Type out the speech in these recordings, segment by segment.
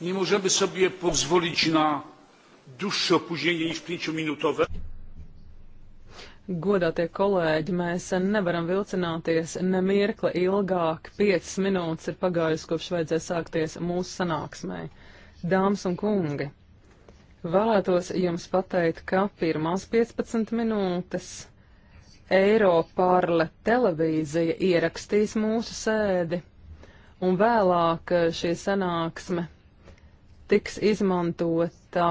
nie możemy sobie pozwolić na dłuższe opóźnienie niż pięciominutowe. Godātie kolēģi, mēs nevaram vilcināties ne mirkli ilgāk. 5 minūtes ir pagājusi, kopš vajadzēja sākties mūsu sanāksmē. Dāmas un kungi, vēlētos jums pateikt, ka pirmās 15 minūtes Eiroparle televīzija ierakstīs mūsu sēdi, un vēlāk eh, šī sanāksme tiks izmantota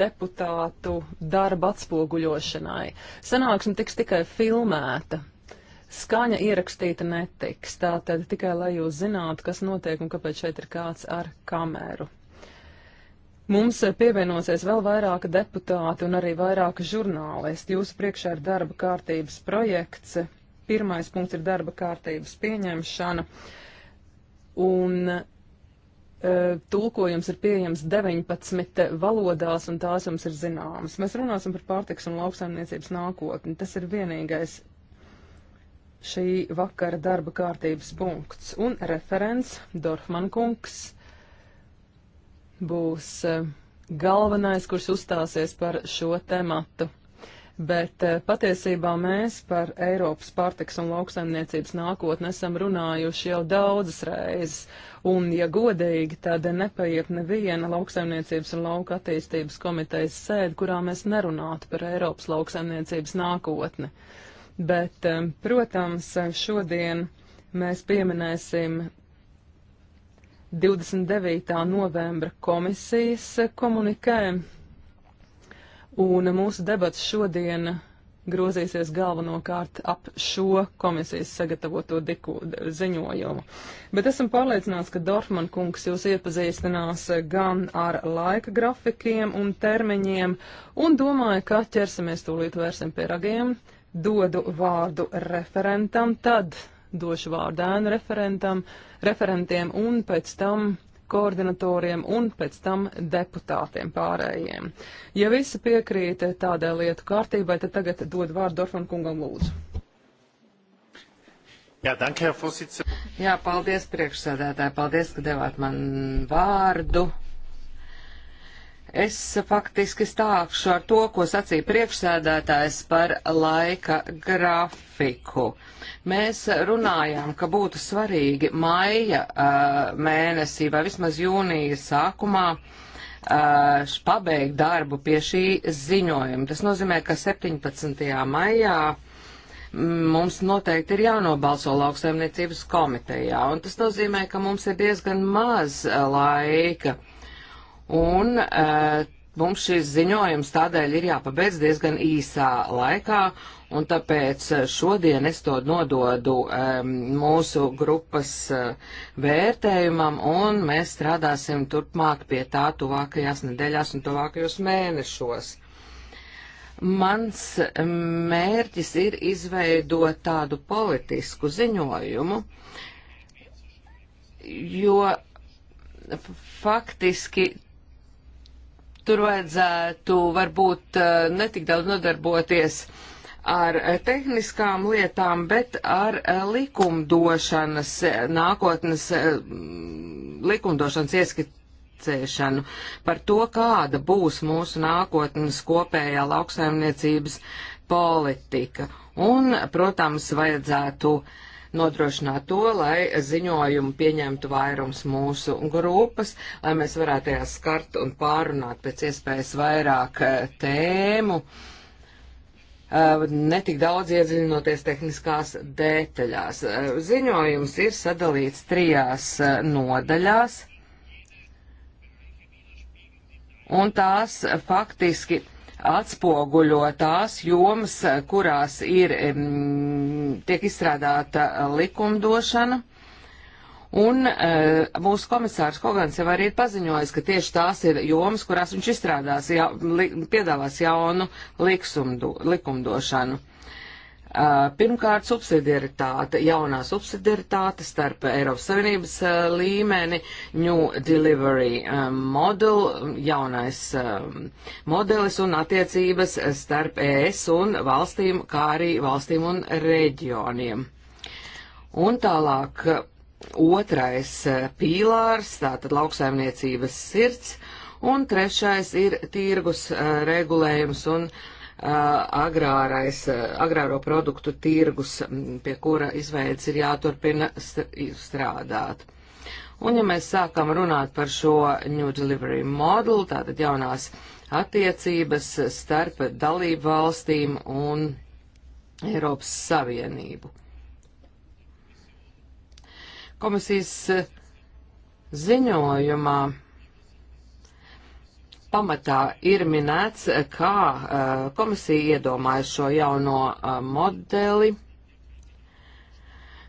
deputātu darba atspoguļošanai. Sanāksme tiks tikai filmēta. Skaņa ierakstīta netiks, tātad tikai lai jūs zinātu, kas notiek un kāpēc šeit ir kāds ar kameru. Mums pievienosies vēl vairāki deputāti un arī vairāki žurnālisti. Jūsu priekšā ir darba kārtības projekts. Pirmais punkts ir darba kārtības pieņemšana. Un tulkojums ir pieejams 19 valodās, un tās jums ir zināmas. Mēs runāsim par pārtiks un lauksaimniecības nākotni. Tas ir vienīgais šī vakara darba kārtības punkts. Un referents Dorfman kungs būs galvenais, kurš uzstāsies par šo tematu bet eh, patiesībā mēs par Eiropas pārtiks un lauksaimniecības nākotni esam runājuši jau daudzas reizes, un, ja godīgi, tad nepaiet neviena lauksaimniecības un lauka attīstības komitejas sēde, kurā mēs nerunātu par Eiropas lauksaimniecības nākotni. Bet, eh, protams, šodien mēs pieminēsim 29. novembra komisijas komunikē, Un mūsu debats šodien grozīsies galvenokārt ap šo komisijas sagatavoto diku, ziņojumu. Bet esam pārliecināts, ka Dorfman kungs jūs iepazīstinās gan ar laika grafikiem un termiņiem, un domāju, ka ķersimies tūlīt vērsim pie ragiem, dodu vārdu referentam, tad došu vārdu ēnu referentam, referentiem, un pēc tam koordinatoriem un pēc tam deputātiem pārējiem. Ja visi piekrīt tādai lietu kārtībai, tad tagad dod vārdu Dorfman kungam lūdzu. Jā, danke, Jā, paldies priekšsēdētāji, paldies, ka devāt man vārdu. Es faktiski stākšu ar to, ko sacīja priekšsēdētājs par laika grafiku. Uh, Mēs runājām, ka būtu svarīgi maija uh, mēnesī vai vismaz jūnija sākumā uh, pabeigt darbu pie šī ziņojuma. Tas nozīmē, ka 17. maijā mums noteikti ir jānobalso lauksaimniecības komitejā, un tas nozīmē, ka mums ir diezgan maz laika. Un uh, mums šis ziņojums tādēļ ir jāpabeidz diezgan īsā laikā, un tāpēc eh, šodien es to nododu um, mūsu grupas uh, vērtējumam, un mēs strādāsim turpmāk pie tā tuvākajās nedēļās un tuvākajos mēnešos. Mans mērķis ir izveidot tādu politisku ziņojumu, jo faktiski tur vajadzētu varbūt eh, netik daudz nodarboties uh, ar eh, tehniskām lietām, bet ar eh, likumdošanas, eh, nākotnes likumdošanas ieskicēšanu par to, kāda būs mūsu nākotnes kopējā lauksaimniecības politika. Un, protams, vajadzētu nodrošināt to, lai ziņojumu pieņemtu vairums mūsu grupas, lai mēs varētu tajā skart un pārunāt pēc iespējas vairāk tēmu. Uh, Uh, netik daudz iedziļinoties tehniskās detaļās. Uh, ziņojums ir sadalīts trijās uh, nodaļās, un tās faktiski atspoguļo tās jomas, kurās ir, mm, tiek izstrādāta likumdošana Un uh, mūsu komisārs Hogans jau arī ir paziņojis, ka tieši tās ir jomas, kurās viņš izstrādās, ja, li, piedāvās jaunu liksumdu, likumdošanu. Uh, pirmkārt, subsidiaritāte, jaunā subsidiaritāte starp Eiropas Savienības uh, līmeni, New Delivery uh, Model, jaunais um, modelis un attiecības starp ES un valstīm, kā arī valstīm un reģioniem. Un tālāk otrais eh, pīlārs, tātad lauksaimniecības sirds, un trešais ir tirgus eh, regulējums un eh, agrārais, agrāro produktu tirgus, mm, pie kura izveids ir jāturpina strādāt. Un ja mēs sākam runāt par šo New Delivery Model, tātad jaunās attiecības starp dalību valstīm un Eiropas Savienību. Komisijas eh, ziņojumā pamatā ir minēts, eh, kā eh, komisija iedomājas šo jauno modeli.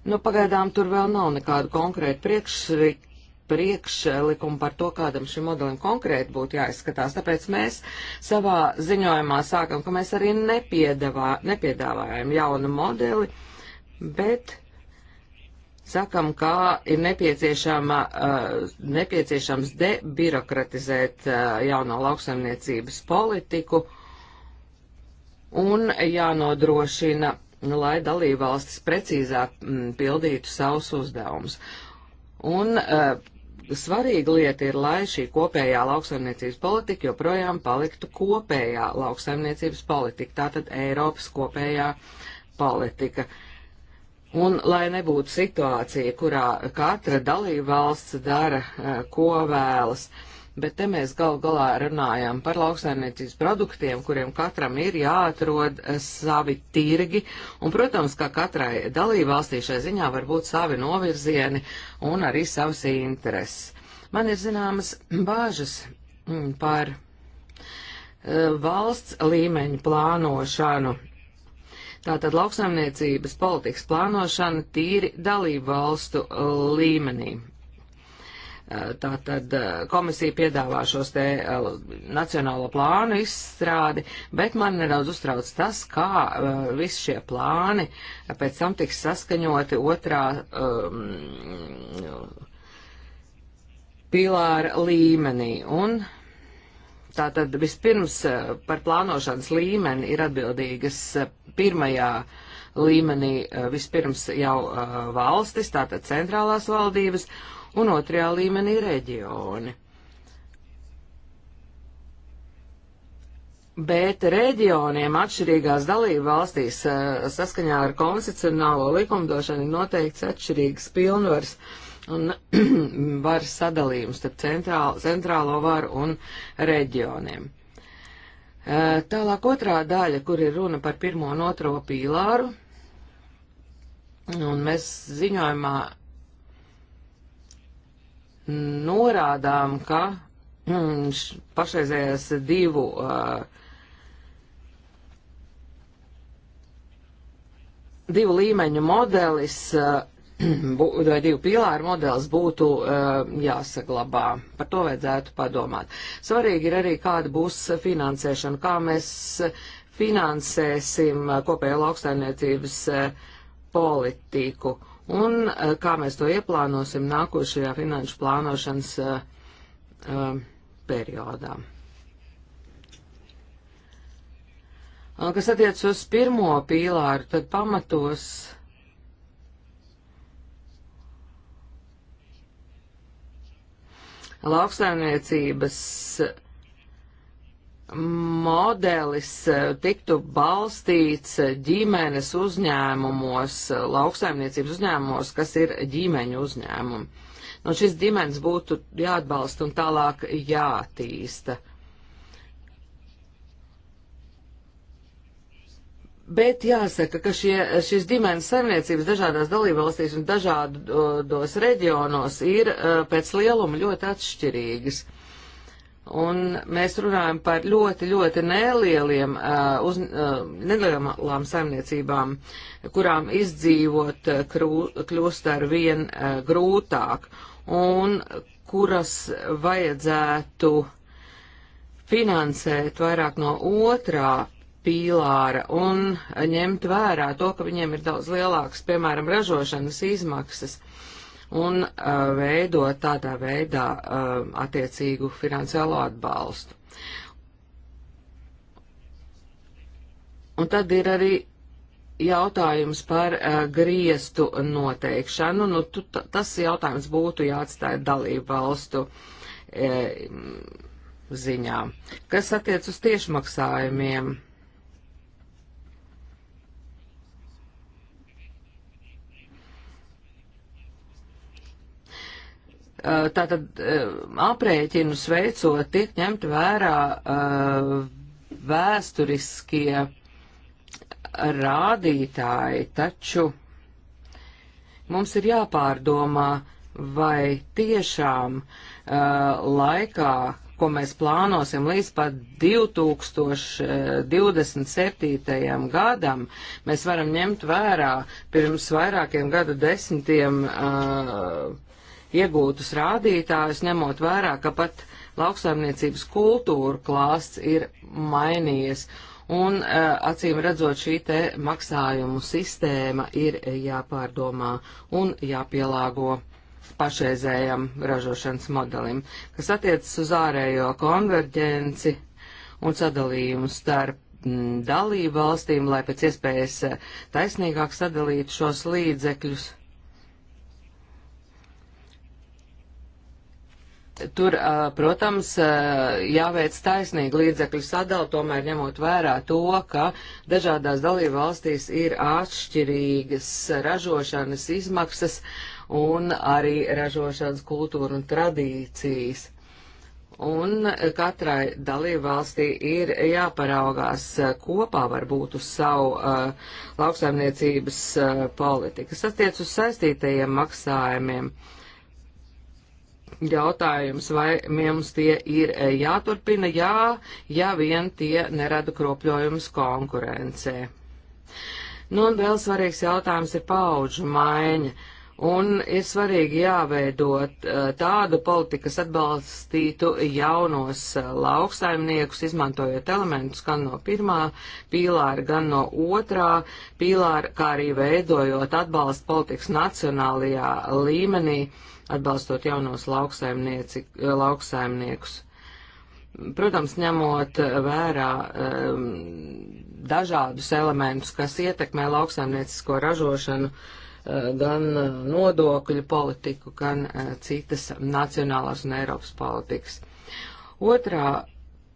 Nu, pagaidām tur vēl nav nekādu konkrētu priekšrīku priekšlikumu par to, kādam šim modelim konkrēti būtu jāizskatās. Tāpēc mēs savā ziņojumā sākam, ka mēs arī nepiedāvājam jaunu modeli, bet sakam, ka ir nepieciešama, uh, nepieciešams debirokratizēt uh, jauno lauksaimniecības politiku un jānodrošina, lai dalībvalstis precīzāk mm, pildītu savus uzdevumus. Un uh, svarīga lieta ir, lai šī kopējā lauksaimniecības politika joprojām paliktu kopējā lauksaimniecības politika, tātad Eiropas kopējā politika. Uh, Un lai nebūtu situācija, kurā katra dalība valsts dara, eh, ko vēlas, bet te mēs gal galā runājam par lauksaimniecības produktiem, kuriem katram ir jāatrod eh, savi tirgi, un, protams, ka katrai dalība valstī šai ziņā var būt savi novirzieni un arī savas intereses. Man ir zināmas bāžas mm, par eh, valsts līmeņu plānošanu Tātad lauksaimniecības politikas plānošana tīri dalību valstu uh, līmenī. Uh, tātad uh, komisija piedāvā šos te nacionālo plānu izstrādi, bet man nedaudz uztrauc tas, kā visi šie plāni pēc tam tiks saskaņoti otrā um, pilāra līmenī. Un Tātad vispirms eh, par plānošanas līmeni ir atbildīgas eh, pirmajā līmenī eh, vispirms jau valstis, tātad centrālās valdības, un otrajā līmenī reģioni. bet reģioniem atšķirīgās dalību valstīs saskaņā ar konstitucionālo likumdošanu ir noteikts atšķirīgs pilnvars un varas sadalījums starp centrālo, centrālo varu un reģioniem. Tālāk otrā daļa, kur ir runa par pirmo un otro pīlāru, un mēs ziņojumā norādām, ka mm, pašreizējās divu uh, divu līmeņu modelis uh, vai divu pīlāru modelis būtu uh, jāsaglabā. Par to vajadzētu padomāt. Svarīgi ir arī, kāda būs finansēšana, kā mēs finansēsim eh, kopējo lauksaimniecības eh, politiku un kā mēs to ieplānosim nākošajā finanšu plānošanas uh, periodā. Kas attiec uz pirmo pīlāru, tad pamatos lauksaimniecības modelis eh, tiktu balstīts ģimenes uzņēmumos, lauksaimniecības uzņēmumos, kas ir ģimeņu uzņēmumi. Nu, šis ģimenes būtu jāatbalsta un tālāk jātīsta. Bet jāsaka, ka šie, šis ģimenes saimniecības dažādās dalībvalstīs un dažādos reģionos ir pēc lieluma ļoti atšķirīgas. Un mēs runājam par ļoti, ļoti nelieliem, uz, nelielām saimniecībām, kurām izdzīvot krū, kļūst ar vien grūtāk un kuras vajadzētu finansēt vairāk no otrā pīlāra un ņemt vērā to, ka viņiem ir daudz lielākas, piemēram, ražošanas izmaksas un uh, veidot tādā veidā uh, attiecīgu finansiālo atbalstu. Un tad ir arī jautājums par uh, griestu noteikšanu. Nu, tu, tas jautājums būtu jāatstāja dalību valstu. Uh, ziņā. Kas attiec uz tiešmaksājumiem, Eh, tātad eh, aprēķinus veicot tiek ņemt vērā eh, vēsturiskie rādītāji, taču mums ir jāpārdomā, vai tiešām laikā, ko mēs plānosim līdz pat 2027. gadam, mēs varam ņemt vērā pirms vairākiem gadu desmitiem uh, iegūtus rādītājus, ņemot vērā, ka pat lauksaimniecības kultūra klāsts ir mainījies. Un e, acīm redzot, šī te maksājumu sistēma ir jāpārdomā un jāpielāgo pašreizējam ražošanas modelim, kas attiecas uz ārējo konverģenci un sadalījumu starp dalību valstīm, lai pēc iespējas e, taisnīgāk sadalītu šos līdzekļus. Tur, protams, jāveic taisnīgi līdzekļu sadali, tomēr ņemot vērā to, ka dažādās dalību valstīs ir atšķirīgas ražošanas izmaksas un arī ražošanas kultūra un tradīcijas. Un katrai dalībvalstī ir jāparaugās kopā varbūt uz savu uh, lauksaimniecības uh, politiku. Tas attiec uz saistītajiem maksājumiem. Uh, jautājums, vai mums tie ir e, jāturpina, jā, ja vien tie nerada kropļojumus konkurencē. Nu, un vēl svarīgs jautājums ir paudžu maiņa. Un ir svarīgi jāveidot e, tādu politiku, kas atbalstītu jaunos e, lauksaimniekus, izmantojot elementus gan no pirmā pīlāra, gan no otrā pīlāra, kā arī veidojot atbalstu politikas nacionālajā līmenī. Uh, atbalstot jaunos lauksaimniekus. Protams, ņemot vērā um, dažādus elementus, kas ietekmē lauksaimniecisko ražošanu, uh, gan uh, nodokļu politiku, gan uh, citas nacionālās un Eiropas politikas. Otrā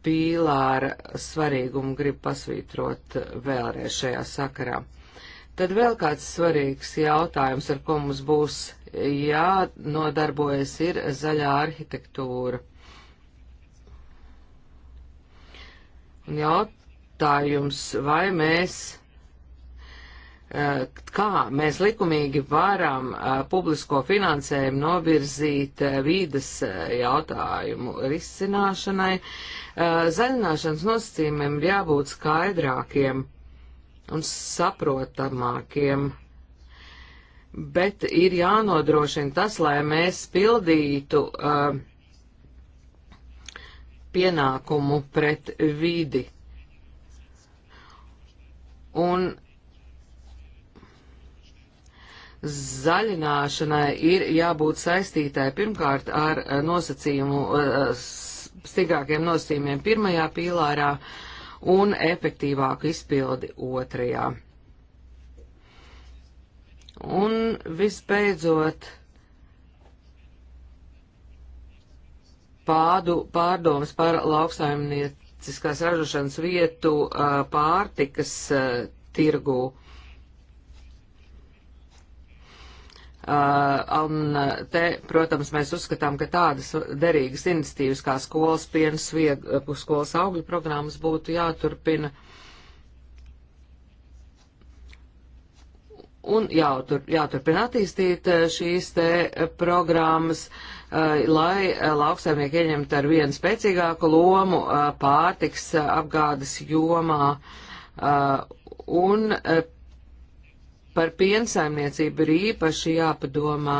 pīlāra svarīgumu grib pasvītrot vēlreiz šajā sakarā. Tad vēl kāds svarīgs jautājums, ar ko mums būs jānodarbojas ir zaļā arhitektūra. Un jautājums, vai mēs, eh, kā mēs likumīgi varam eh, publisko finansējumu novirzīt eh, vīdas jautājumu risināšanai, zaļināšanas nosacījumiem ir jābūt skaidrākiem un saprotamākiem bet ir jānodrošina tas, lai mēs pildītu uh, pienākumu pret vidi. Un zaļināšanai ir jābūt saistītai pirmkārt ar uh, nosacījumu, uh, stingrākiem nosacījumiem pirmajā pīlārā un efektīvāku izpildi otrajā. Un visbeidzot, pādu pārdomas par lauksaimnieciskās ražošanas vietu pārtikas tirgū. Uh, un te, protams, mēs uzskatām, ka tādas derīgas iniciatīvas kā skolas pienas, skolas augļu programmas būtu jāturpina uh, un jātur, jāturpina attīstīt eh, šīs te eh, programmas, eh, lai lauksaimnieki ieņemtu ar vienu spēcīgāku lomu pārtiks apgādes jomā. Un par piensaimniecību ir īpaši jāpadomā.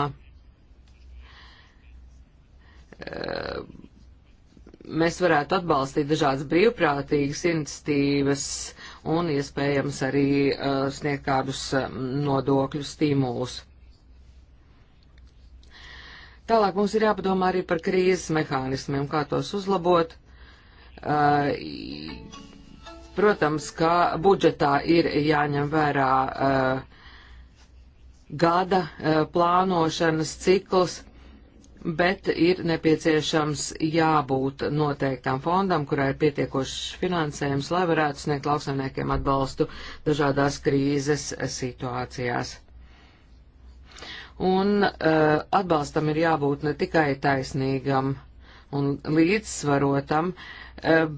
Mēs varētu atbalstīt dažādas brīvprātīgas iniciatīvas, un iespējams arī uh, sniegt kādus um, nodokļu stimulus. Tālāk mums ir jāpadomā arī par krīzes mehānismiem, kā tos uzlabot. Uh, protams, ka budžetā ir jāņem vērā uh, gada uh, plānošanas cikls bet ir nepieciešams jābūt noteiktām fondam, kurā ir pietiekošs finansējums, lai varētu sniegt lauksaimniekiem atbalstu dažādās krīzes situācijās. Un uh, atbalstam ir jābūt ne tikai taisnīgam un līdzsvarotam, uh,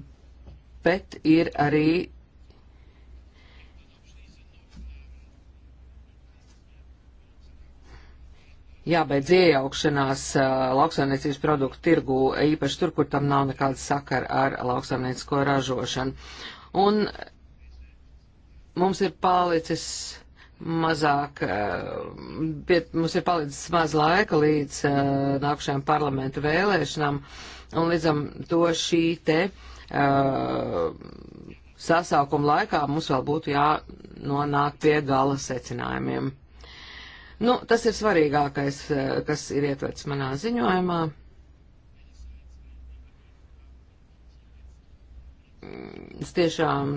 bet ir arī jābeidz iejaukšanās lauksaimniecības produktu tirgu, īpaši tur, kur tam nav nekāda sakara ar lauksaimniecisko ražošanu. Un mums ir palicis mazāk, bet mums ir palicis maz laika līdz nākušajām parlamentu vēlēšanām, un līdz ar to šī te uh, sasaukuma laikā mums vēl būtu jānonāk pie gala secinājumiem. Nu, tas ir svarīgākais, eh, kas ir ietverts manā ziņojumā. Mm, es tiešām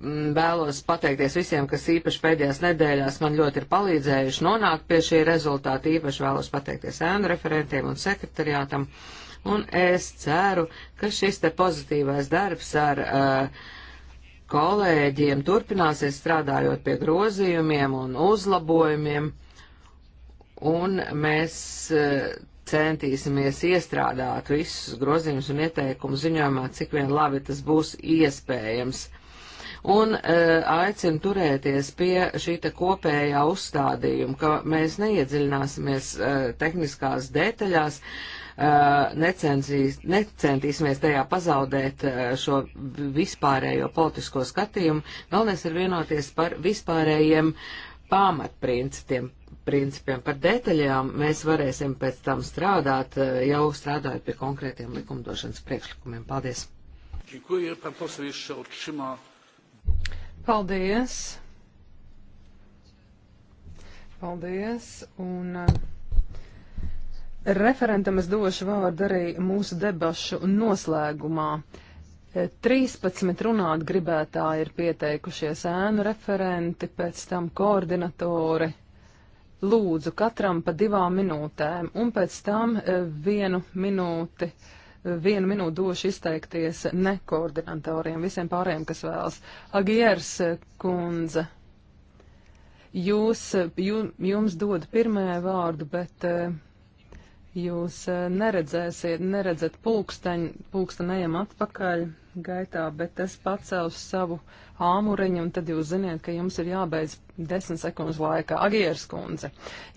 mm, vēlos pateikties visiem, kas īpaši pēdējās nedēļās man ļoti ir palīdzējuši nonākt pie šī rezultāta. Īpaši vēlos pateikties ēnu referentiem un sekretariātam. Un es ceru, ka šis te pozitīvais darbs ar uh, kolēģiem turpināsies strādājot pie grozījumiem un uzlabojumiem, un mēs e, centīsimies iestrādāt visus grozījumus un ieteikumus ziņojumā, cik vien labi tas būs iespējams un e, aicinu turēties pie šī te kopējā uzstādījuma, ka mēs neiedziļināsimies e, tehniskās detaļās, e, necentīsimies tajā pazaudēt e, šo vispārējo politisko skatījumu. Galvenais ir vienoties par vispārējiem pamatprincipiem. Principiem. Par detaļām mēs varēsim pēc tam strādāt, e, jau strādājot pie konkrētiem likumdošanas priekšlikumiem. Paldies! Dziękuję. Pan poseł jeszcze otrzyma Paldies! Paldies! Un eh, referentam es došu vārdu arī mūsu debašu noslēgumā. 13 eh, runāt gribētāji ir pieteikušies ēnu referenti, pēc tam koordinatori. Lūdzu, katram pa divām minūtēm, un pēc tam eh, vienu minūti uh, vienu minūtu došu izteikties nekoordinatoriem, visiem pārējiem, kas vēlas. Agiers eh, kundze, jūs, jums dod pirmajai vārdu, bet eh, jūs eh, neredzēsiet, neredzat pulksteņu, pulkstenējam atpakaļ gaitā, bet es pacēlu savu āmuriņu, un tad jūs ziniet, ka jums ir jābeidz desmit sekundes laikā. Agieras kundze.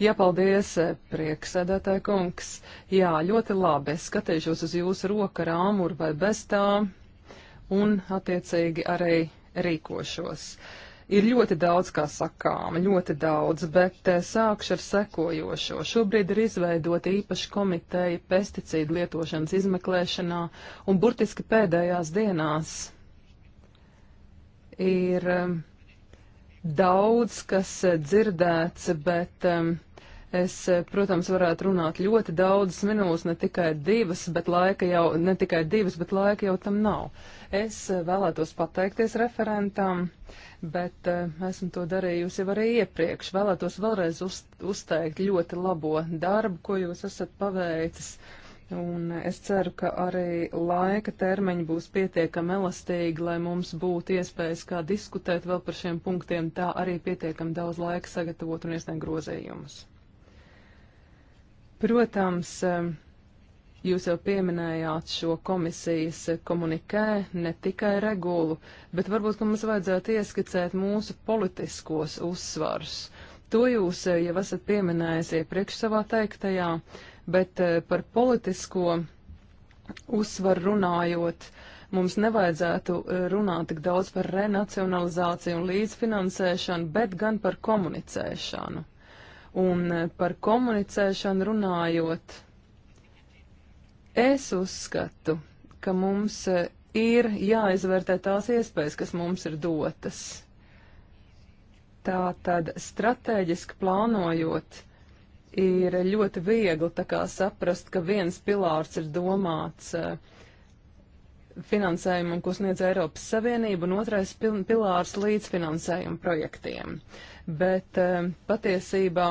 Jā, paldies, eh, prieksēdētāja kungs. Jā, ļoti labi. Es skatīšos uz jūsu roku ar āmuru vai bez tā, un attiecīgi arī rīkošos. Uh, Ir ļoti daudz, kā sakām, ļoti daudz, bet eh, sākšu ar sekojošo. Šobrīd ir izveidota īpaša komiteja pesticīdu lietošanas izmeklēšanā, un burtiski pēdējās dienās ir eh, daudz, kas eh, dzirdēts, bet. Es, protams, varētu runāt ļoti daudzas minūtes, ne tikai divas, bet laika jau, ne tikai divas, bet laika jau tam nav. Es vēlētos pateikties referentam. Uh, bet eh, esmu to darījusi jau arī iepriekš. Vēlētos vēlreiz uz, uzteikt ļoti labo darbu, ko jūs esat paveicis. Un es ceru, ka arī laika termiņi būs pietiekami elastīgi, lai mums būtu iespējas kā diskutēt vēl par šiem punktiem, tā arī pietiekami daudz laika sagatavot un iesniegt grozījumus. Protams, eh, Jūs jau pieminējāt šo komisijas komunikē, ne tikai regulu, bet varbūt, ka mums vajadzētu ieskicēt mūsu politiskos uzsvarus. To jūs jau esat pieminējis iepriekš savā teiktajā, bet eh, par politisko uzsvaru runājot, mums nevajadzētu eh, runāt tik daudz par renacionalizāciju un līdzfinansēšanu, bet gan par komunicēšanu. Un eh, par komunicēšanu runājot, Es uzskatu, ka mums eh, ir jāizvērtē tās iespējas, kas mums ir dotas. Tā tad strateģiski plānojot, ir ļoti viegli saprast, ka viens pilārs ir domāts eh, finansējumam, ko sniedz Eiropas Savienība, un otrais pilārs līdzfinansējumu projektiem. Bet eh, patiesībā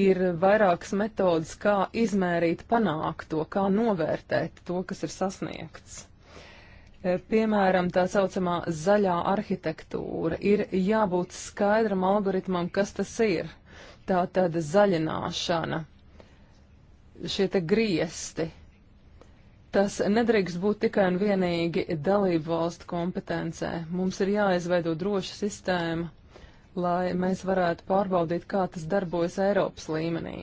ir vairākas metodas, kā izmērīt panākto, kā novērtēt to, kas ir sasniegts. E, piemēram, tā saucamā zaļā arhitektūra ir jābūt skaidram algoritmam, kas tas ir. Tā tāda zaļināšana, šie te griesti. Tas nedrīkst būt tikai un vienīgi dalību valstu kompetencē. Mums ir jāizveido droša sistēma, lai mēs varētu pārbaudīt, kā tas darbojas Eiropas līmenī.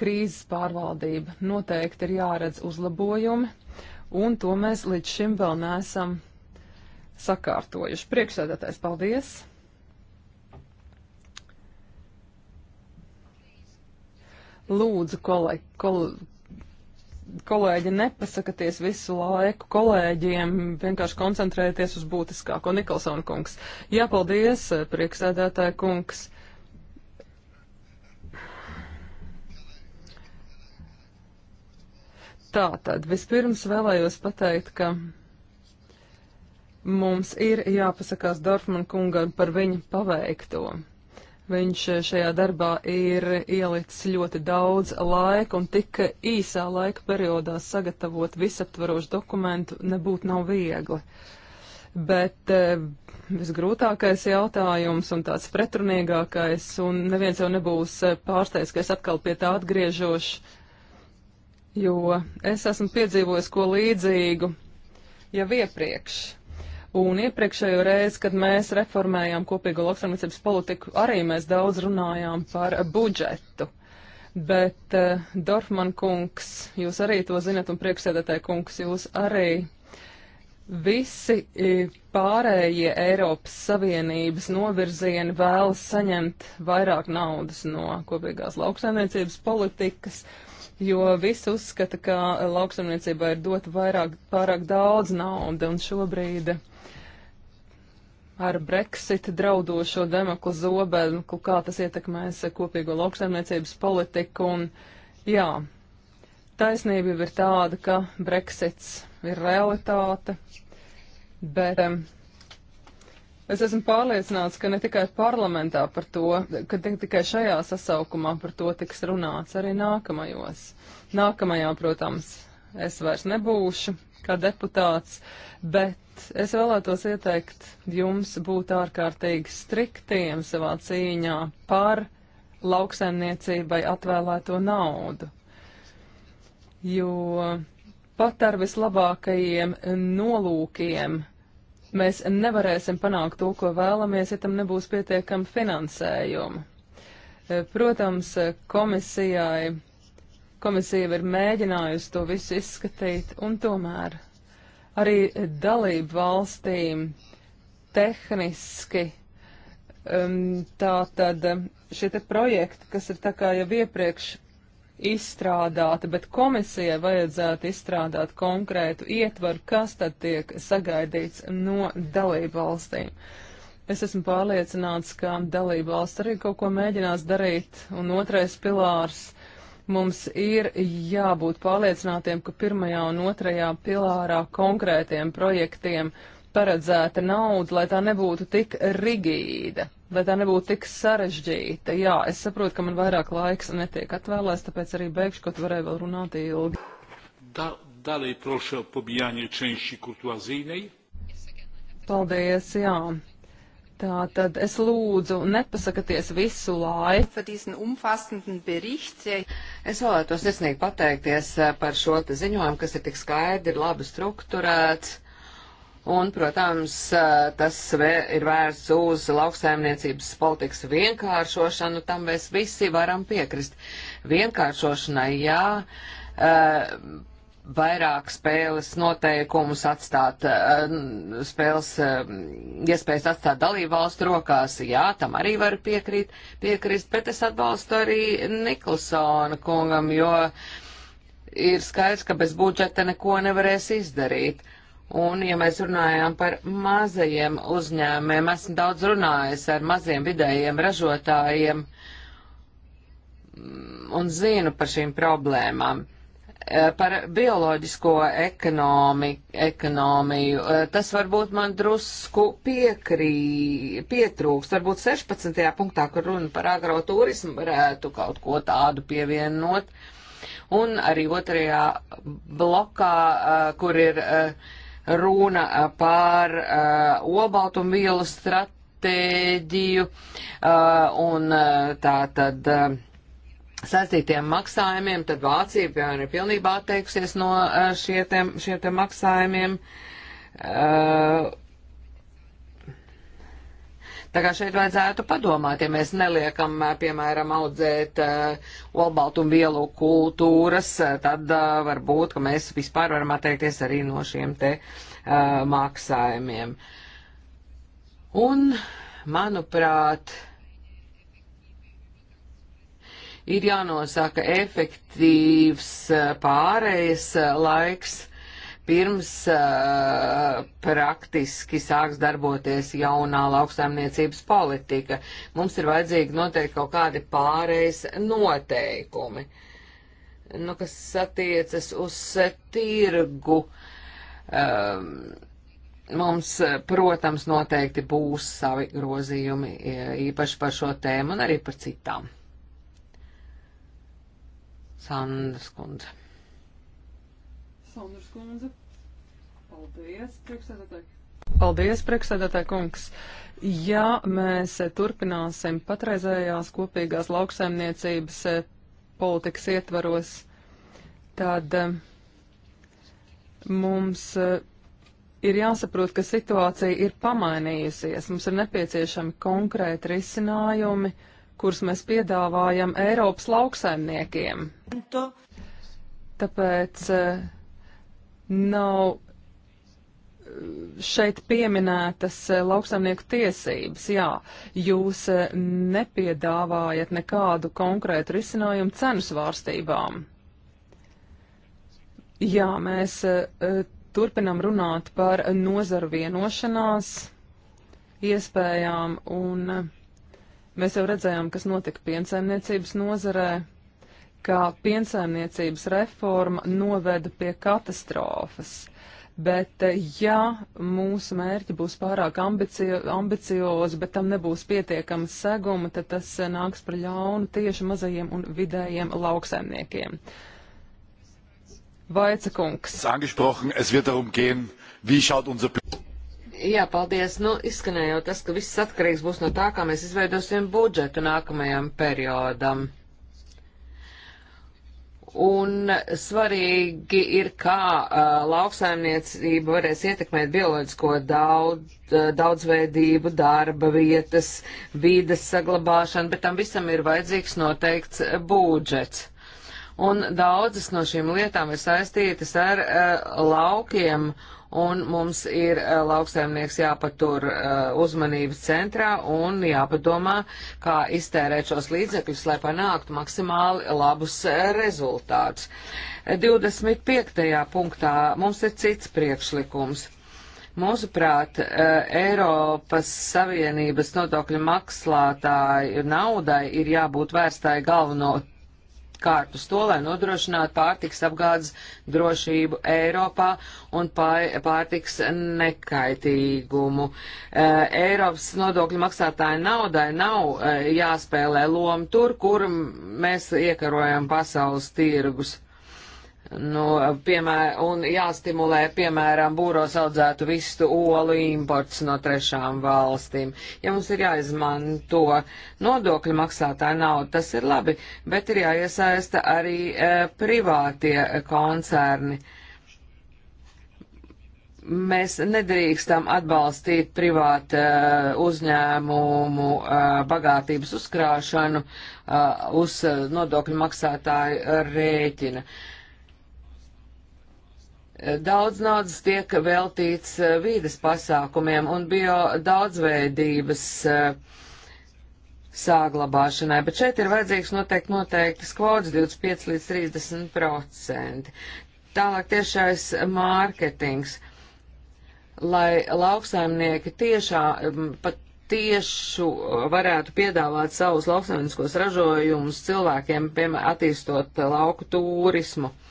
Krīzes pārvaldība noteikti ir jāredz uzlabojumi, un to mēs līdz šim vēl neesam sakārtojuši. Priekšsēdētājs, paldies! Lūdzu, kolēģi, kol, kolēģi, nepasakieties visu laiku kolēģiem, vienkārši koncentrējieties uz būtiskāko. Nikolsona kungs. Jā, paldies, prieksēdētāja kungs. Tātad, vispirms vēlējos pateikt, ka mums ir jāpasakās Dorfman kungam par viņa paveikto. Viņš eh, šajā darbā ir ielicis ļoti daudz laika un tik īsā laika periodā sagatavot visaptvarošu dokumentu nebūtu nav viegli. Bet e, visgrūtākais jautājums un tāds pretrunīgākais, un neviens jau nebūs eh, pārsteigts, ka es atkal pie tā atgriežošu, jo es esmu piedzīvojis ko līdzīgu jau iepriekš. Un iepriekšējo reizi, kad mēs reformējām kopīgo lauksaimniecības politiku, arī mēs daudz runājām par budžetu. Bet uh, Dorfman kungs, jūs arī to zinat, un priekšsēdētāji kungs, jūs arī visi eh, pārējie Eiropas Savienības novirzieni vēlas saņemt vairāk naudas no kopīgās lauksaimniecības politikas, jo visi uzskata, ka lauksaimniecībā ir dota vairāk, pārāk daudz nauda, un šobrīd uh, ar Brexit draudošo demeklu zobenu, kā tas ietekmēs kopīgo lauksaimniecības politiku. Un, jā, taisnība ir tāda, ka Brexits ir realitāte, bet um, es esmu pārliecināts, ka ne tikai parlamentā par to, ka ne tikai šajā sasaukumā par to tiks runāts, arī nākamajos. Nākamajā, protams, es vairs nebūšu kā deputāts, bet es vēlētos ieteikt jums būt ārkārtīgi striktiem savā cīņā par lauksaimniecībai atvēlēto naudu. Jo pat ar vislabākajiem nolūkiem mēs nevarēsim panākt to, ko vēlamies, ja tam nebūs pietiekami finansējumi. Protams, komisijai, komisija ir mēģinājusi to visu izskatīt, un tomēr arī dalību valstīm tehniski. Um, tā tad um, šie te projekti, kas ir tā kā jau iepriekš izstrādāti, bet komisijai vajadzētu izstrādāt konkrētu ietvaru, kas tad tiek sagaidīts no dalību valstīm. Es esmu pārliecināts, ka dalību valsts arī kaut ko mēģinās darīt, un otrais pilārs Mums ir jābūt pārliecinātiem, ka pirmajā un otrajā pilārā konkrētiem projektiem paredzēta nauda, lai tā nebūtu tik rigīda, lai tā nebūtu tik sarežģīta. Jā, es saprotu, ka man vairāk laiks netiek atvēlēts, tāpēc arī beigšu, kaut varēju vēl runāt ilgi. Da, dalej prošu pobijāņu čenši kurtuazīnei. Paldies, jā. Tā tad es lūdzu, nepasakieties visu laiku. Es vēlētos sirsnīgi pateikties eh, par šo ziņojumu, kas ir tik skaidri, labi strukturēts. Un, protams, eh, tas ir vērsts uz lauksaimniecības politikas vienkāršošanu, tam mēs visi varam piekrist. Vienkāršošanai, jā, eh, vairāk spēles noteikumus atstāt, eh, spēles eh, iespējas atstāt dalību valstu rokās, jā, tam arī var piekrīt, piekrist, bet es atbalstu arī Niklsona kungam, jo ir skaidrs, ka bez budžeta neko nevarēs izdarīt. Un, ja mēs runājām par mazajiem uzņēmiem, esmu daudz runājis ar maziem vidējiem ražotājiem mm, un zinu par šīm problēmām Eh, par bioloģisko ekonomi, ekonomiju. Eh, tas varbūt man drusku piekrī, pietrūkst. Varbūt 16. punktā, kur runa par agroturismu, varētu kaut ko tādu pievienot. Un arī otrajā blokā, eh, kur ir runa par obaltumvielu stratēģiju un tā tad saistītiem maksājumiem, tad Vācija, piemēram, ir pilnībā atteiksies no eh, šietiem, šietiem maksājumiem. Eh, tā kā šeit vajadzētu padomāt, ja mēs neliekam, eh, piemēram, audzēt olbaltumvielu kultūras, tad varbūt, ka mēs vispār varam atteikties arī no šiem te maksājumiem. Un, manuprāt, uh, ir jānosaka efektīvs eh, pārējais eh, laiks pirms uh, praktiski sāks darboties jaunā lauksaimniecības politika. Mums ir vajadzīgi noteikti kaut kādi pārējais noteikumi, nu, kas attiecas uz tirgu. Um, Mums, protams, noteikti būs savi grozījumi īpaši par šo tēmu un arī par citām. Sandras kundze. Sandras kundze. Paldies, priekšsēdētāji. Paldies, priekšsēdētāji kungs. Ja mēs turpināsim patreizējās kopīgās lauksaimniecības eh, politikas ietvaros, tad eh, mums eh, ir jāsaprot, ka situācija ir pamainījusies. Mums ir nepieciešami konkrēti risinājumi. Mm kurus mēs piedāvājam Eiropas lauksaimniekiem. Tāpēc eh, nav eh, šeit pieminētas eh, lauksaimnieku tiesības. Jā, jūs nepiedāvājat nekādu konkrētu risinājumu cenu svārstībām. Jā, mēs turpinam runāt par nozaru vienošanās iespējām un Mēs jau redzējām, kas notika piensaimniecības nozarē, kā piensaimniecības reforma noveda pie katastrofas. Bet eh, ja mūsu mērķi būs pārāk ambicio, ambiciozi, bet tam nebūs pietiekama seguma, tad tas eh, nāks par ļaunu tieši mazajiem un vidējiem lauksaimniekiem. Vaica kungs. Es Jā, paldies. Nu, izskanēja jau tas, ka viss atkarīgs būs no tā, kā mēs izveidosim budžetu nākamajam periodam. Un svarīgi ir, kā uh, lauksaimniecība varēs ietekmēt bioloģisko daudz, uh, daudzveidību, darba vietas, vīdes saglabāšanu, bet tam visam ir vajadzīgs noteikts budžets. Un daudzas no šīm lietām ir saistītas ar uh, laukiem. Uh, un mums ir eh, lauksaimnieks jāpatur eh, uzmanības centrā un jāpadomā, kā iztērēt šos līdzekļus, lai panāktu maksimāli labus eh, rezultātus. 25. punktā mums ir cits priekšlikums. Mūsuprāt, Eiropas Savienības nodokļu makslātāju naudai ir jābūt vērstai galvenot kārtus to, lai nodrošinātu pārtiks apgādes drošību Eiropā un pārtiks nekaitīgumu. E, Eiropas nodokļu maksātāju naudai nav e, jāspēlē loma tur, kur mēs iekarojam pasaules tirgus. Nu, piemēr, un jāstimulē, piemēram, būros audzētu vistu olu imports no trešām valstīm. Ja mums ir jāizmanto nodokļu maksātāja nauda, tas ir labi, bet ir jāiesaista arī e, privātie koncerni. Mēs nedrīkstam atbalstīt privātu e, uzņēmumu e, bagātības uzkrāšanu e, uz nodokļu maksātāju rēķina. E, Daudz naudas tiek veltīts eh, vīdes pasākumiem un bio daudzveidības eh, saglabāšanai, bet šeit ir vajadzīgs noteikti noteiktas kvotas 25 līdz 30 procenti. Tālāk tiešais mārketings, lai lauksaimnieki tiešā, mm, pat tiešu eh, varētu piedāvāt savus lauksaimniskos ražojumus cilvēkiem, piemēram, attīstot lauku turismu. Uh,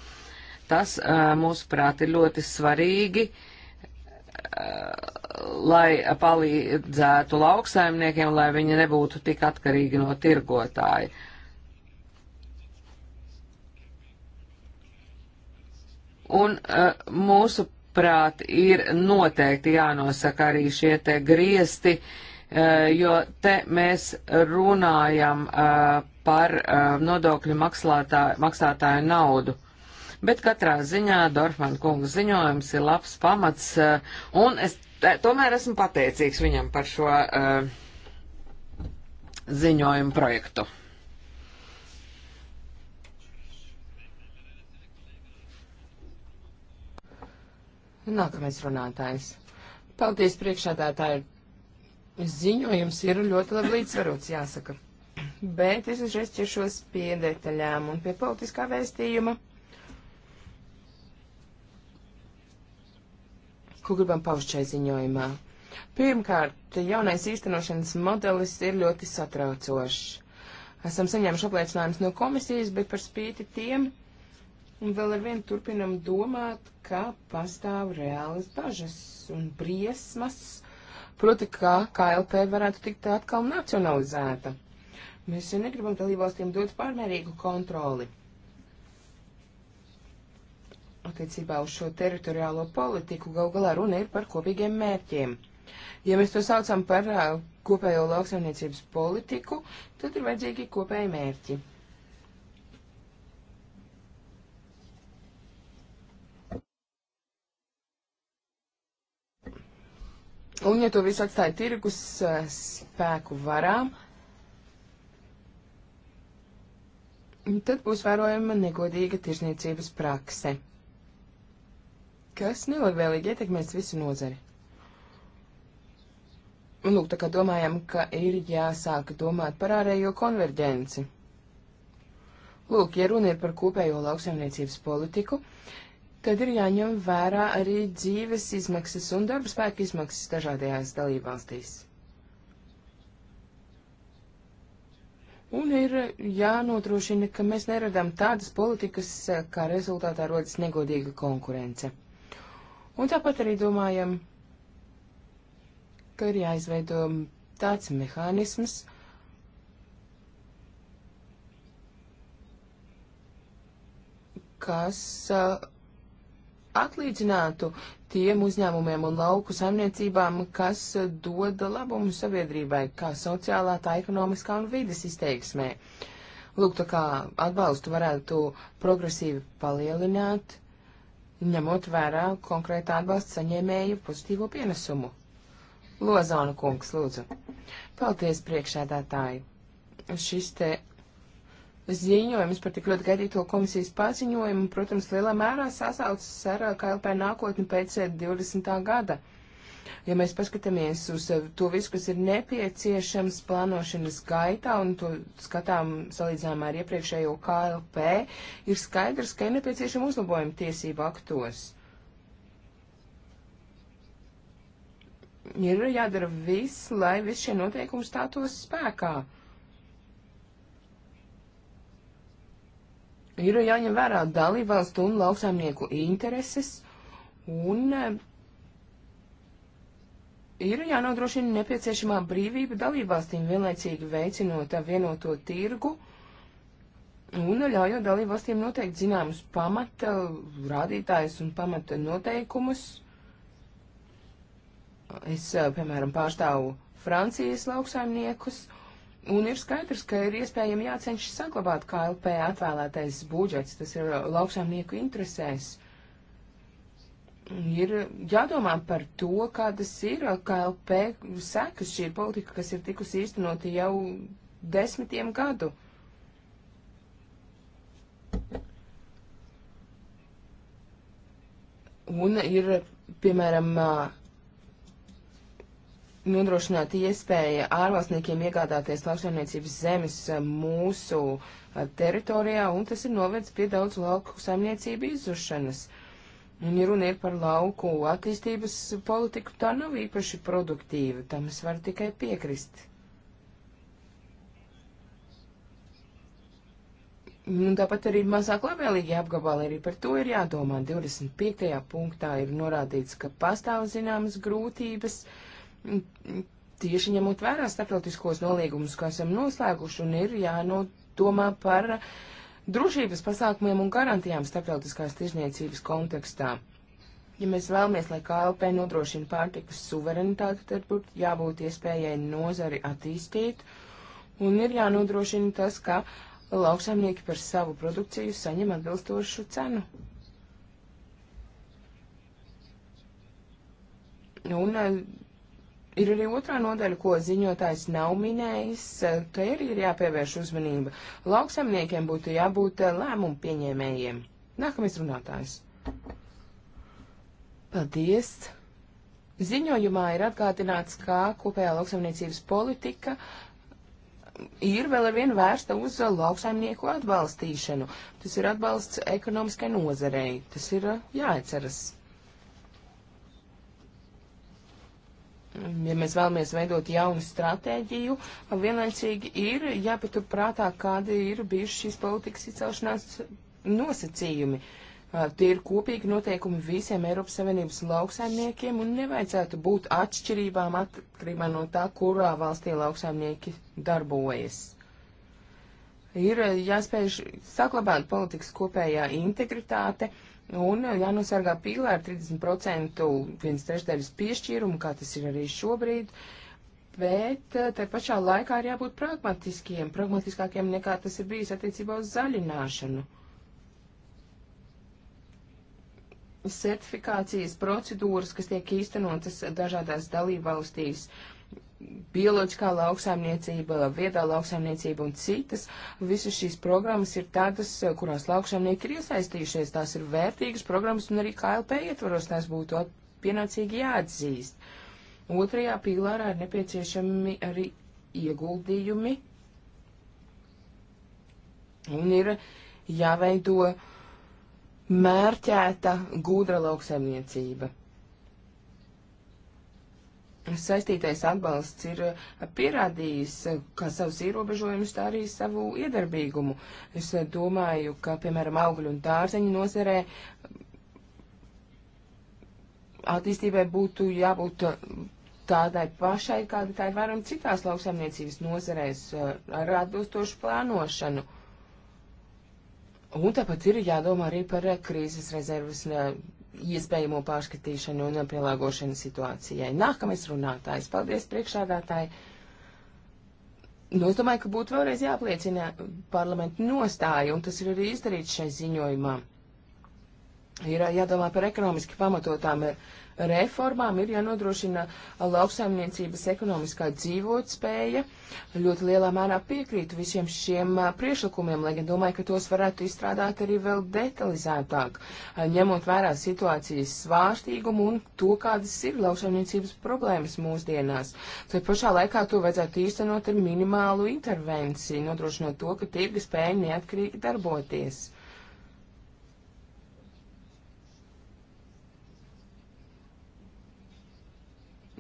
Tas, mūsuprāt, ir ļoti svarīgi, lai palīdzētu lauksaimniekiem, lai viņi nebūtu tik atkarīgi no tirgotāja. Un mūsu manuprāt, ir noteikti jānosaka arī šie te griesti, jo te mēs runājam par nodokļu maksātāju, maksātāju naudu. Bet katrā ziņā Dorfman kunga ziņojums ir labs pamats, eh, un es eh, tomēr esmu pateicīgs viņam par šo uh, ziņojumu projektu. Nākamais runātājs. Paldies priekšādātāji. Ziņojums ir ļoti labi līdzsvarots, jāsaka. Bet es uzreiz ķeršos pie detaļām un pie politiskā vēstījuma. ko gribam paust šai ziņojumā. Pirmkārt, jaunais īstenošanas modelis ir ļoti satraucošs. Esam saņēmuši apliecinājumus no komisijas, bet par spīti tiem vēl ar vienu turpinam domāt, ka pastāv reālas bažas un briesmas, proti, ka KLP varētu tikt atkal nacionalizēta. Mēs negribam dalībvalstīm dot pārmērīgu kontroli attiecībā uz šo teritoriālo politiku, gal galā runa ir par kopīgiem mērķiem. Ja mēs to saucam par uh, kopējo lauksaimniecības politiku, tad ir vajadzīgi kopēji mērķi. Un, ja to visu atstāja tirgus uh, spēku varām, tad būs vērojama negodīga tirzniecības prakse kas nelabvēlīgi ietekmēs visu nozari. Un, lūk, tā kā domājam, ka ir jāsāk domāt par ārējo konverģenci. Lūk, ja runa ir par kopējo lauksaimniecības politiku, tad ir jāņem vērā arī dzīves izmaksas un darba spēka izmaksas dažādajās dalībvalstīs. Un ir jānodrošina, ka mēs neradām tādas politikas, kā rezultātā rodas negodīga konkurence. Un tāpat arī domājam, ka ir jāizveido tāds mehānisms, kas uh, atlīdzinātu tiem uzņēmumiem un lauku saimniecībām, kas dod labumu sabiedrībai, kā sociālā, tā ekonomiskā un vides izteiksmē. Lūk, tā kā atbalstu varētu progresīvi palielināt, ņemot vērā konkrētā atbalsta saņēmēju pozitīvo pienesumu. Lozāna kungs, lūdzu. Paldies, priekšēdētāji. Šis te ziņojums par tik ļoti gaidīto komisijas paziņojumu, protams, lielā mērā sasaucas ar KLP nākotni pēc 20. Eh, gada. Ja mēs paskatāmies uz eh, to visu, kas ir nepieciešams plānošanas gaitā un to skatām salīdzinājumā ar iepriekšējo KLP, ir skaidrs, ka ir nepieciešama uzlabojuma tiesību aktos. Ir jādara viss, lai visi šie noteikumi stātos spēkā. ir jāņem vērā dalībvalstu un lauksaimnieku intereses, un eh, ir jānodrošina nepieciešamā brīvība dalībvalstīm, vienlaicīgi veicinot vienoto tirgu un ļaujot dalībvalstīm noteikt zināmus pamata rādītājus un pamata noteikumus. Es, piemēram, pārstāvu Francijas lauksaimniekus, un ir skaidrs, ka ir iespējami jācenšas saglabāt KLP atvēlētais budžets, tas ir lauksaimnieku interesēs ir jādomā par to, kādas ir KLP sekas šī politika, kas ir tikusi īstenoti jau desmitiem gadu. Un ir, piemēram, nodrošināta iespēja ārvalstniekiem iegādāties lauksaimniecības zemes mūsu teritorijā, un tas ir novedis pie daudz lauku saimniecību izušanas. Uh, Un, ja runa ir par lauku attīstības politiku, tā nav īpaši produktīva, tam es varu tikai piekrist. Un tāpat arī mazāk labvēlīgi apgabali, arī par to ir jādomā. 25. punktā ir norādīts, ka pastāv zināmas grūtības, tieši ņemot vērā starptautiskos noliegumus, ko esam noslēguši, un ir jānodomā par uh, drošības pasākumiem un garantijām starptautiskās tirzniecības kontekstā. Ja mēs vēlamies, lai KLP nodrošina pārtikas suverenitāti, tad būtu jābūt iespējai nozari attīstīt un ir jānodrošina tas, ka lauksaimnieki par savu produkciju saņem atbilstošu cenu. Un Ir arī otrā nodaļa, ko ziņotājs nav minējis, tai arī ir jāpievērš uzmanība. Lauksaimniekiem būtu jābūt eh, lēmumu pieņēmējiem. Nākamais runātājs. Paldies! Ziņojumā ir atgādināts, kā kopējā lauksaimniecības politika ir vēl ar vienu vērsta uz lauksaimnieku atbalstīšanu. Tas ir atbalsts ekonomiskai nozarei. Tas ir eh, jāatceras. ja mēs vēlamies veidot jaunu stratēģiju, vienlaicīgi ir jāpatur prātā, kādi ir bijuši šīs politikas izcelšanās nosacījumi. Tie ir kopīgi noteikumi visiem Eiropas Savienības lauksaimniekiem un nevajadzētu būt atšķirībām atkarībā no tā, kurā valstī lauksaimnieki darbojas. Ir jāspēj saglabāt politikas kopējā integritāte, uh, Un eh, jānosargā pīlē ar 30% viens trešdaļas piešķīrumu, kā tas ir arī šobrīd. Bet eh, te pašā laikā ir jābūt pragmatiskiem, pragmatiskākiem nekā tas ir bijis attiecībā uz zaļināšanu. Certifikācijas procedūras, kas tiek īstenotas dažādās dalībvalstīs, valstīs bioloģiskā lauksaimniecība, viedā lauksaimniecība un citas. Visas šīs programmas ir tādas, eh, kurās lauksaimnieki ir iesaistījušies. Tās ir vērtīgas programmas un arī KLP ietvaros tās būtu pienācīgi jāatzīst. Otrajā pīlārā ir nepieciešami arī ieguldījumi un ir jāveido mērķēta gudra lauksaimniecība saistītais atbalsts ir eh, pierādījis eh, kā savus ierobežojumus, tā arī savu iedarbīgumu. Es eh, domāju, ka, piemēram, augļu un dārzeņu nozerē attīstībai būtu jābūt tādai pašai, kāda tā ir varam citās lauksaimniecības nozerēs ar atbilstošu plānošanu. Un tāpat ir jādomā arī par krīzes rezervas iespējamo pārskatīšanu un pielāgošanu situācijai. Nākamais runātājs. Paldies, priekšādātāji. Nu, es domāju, ka būtu vēlreiz jāpliecina parlamentu nostāja, un tas ir arī izdarīts šai ziņojumā. Ir jādomā par ekonomiski pamatotām. Ir, reformām ir jānodrošina lauksaimniecības ekonomiskā dzīvotspēja. Ļoti lielā mērā piekrītu visiem šiem priešlikumiem, lai gan domāju, ka tos varētu izstrādāt arī vēl detalizētāk, ņemot vērā situācijas svārstīgumu un to, kādas ir lauksaimniecības problēmas mūsdienās. Tad pašā laikā to vajadzētu īstenot ar minimālu intervenciju, nodrošinot to, ka tirgi spēja neatkarīgi darboties.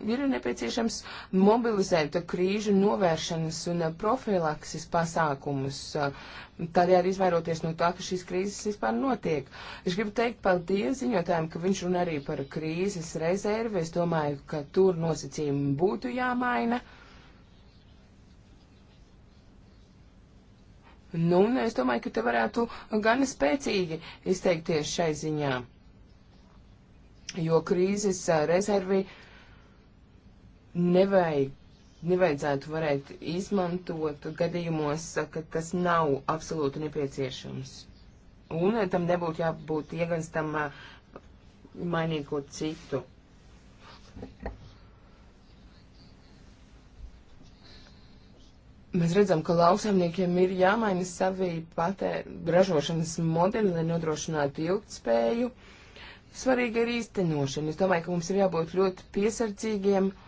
ir nepieciešams mobilizēt krīžu novēršanas un profilakses pasākumus, tādējādi izvairoties no tā, ka šīs krīzes vispār notiek. Es gribu teikt paldies ziņotājiem, ka viņš runā arī par krīzes rezervi. Es domāju, ka tur nosacījumi būtu jāmaina. Nu, un es domāju, ka te varētu gan spēcīgi izteikties šai ziņā, jo krīzes rezervi uh, nevajag, nevajadzētu varēt izmantot gadījumos, ka tas nav absolūti nepieciešams. Un eh, tam nebūtu jābūt iegānstam eh, mainīt ko citu. Mēs redzam, ka lauksaimniekiem ir jāmaina savi patē ražošanas modeļi, lai nodrošinātu ilgtspēju. Svarīga ir īstenošana. Es domāju, ka mums ir jābūt ļoti piesardzīgiem. Uh,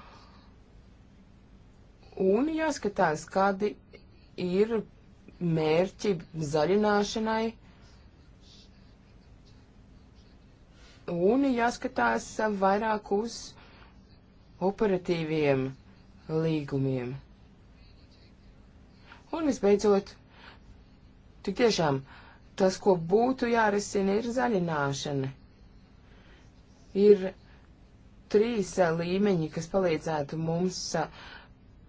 Un jāskatās, kādi ir mērķi zaļināšanai. Un jāskatās vairāk uz operatīviem līgumiem. Un visbeidzot, tik tiešām tas, ko būtu jārisina, ir zaļināšana. Ir trīs eh, līmeņi, kas palīdzētu mums eh,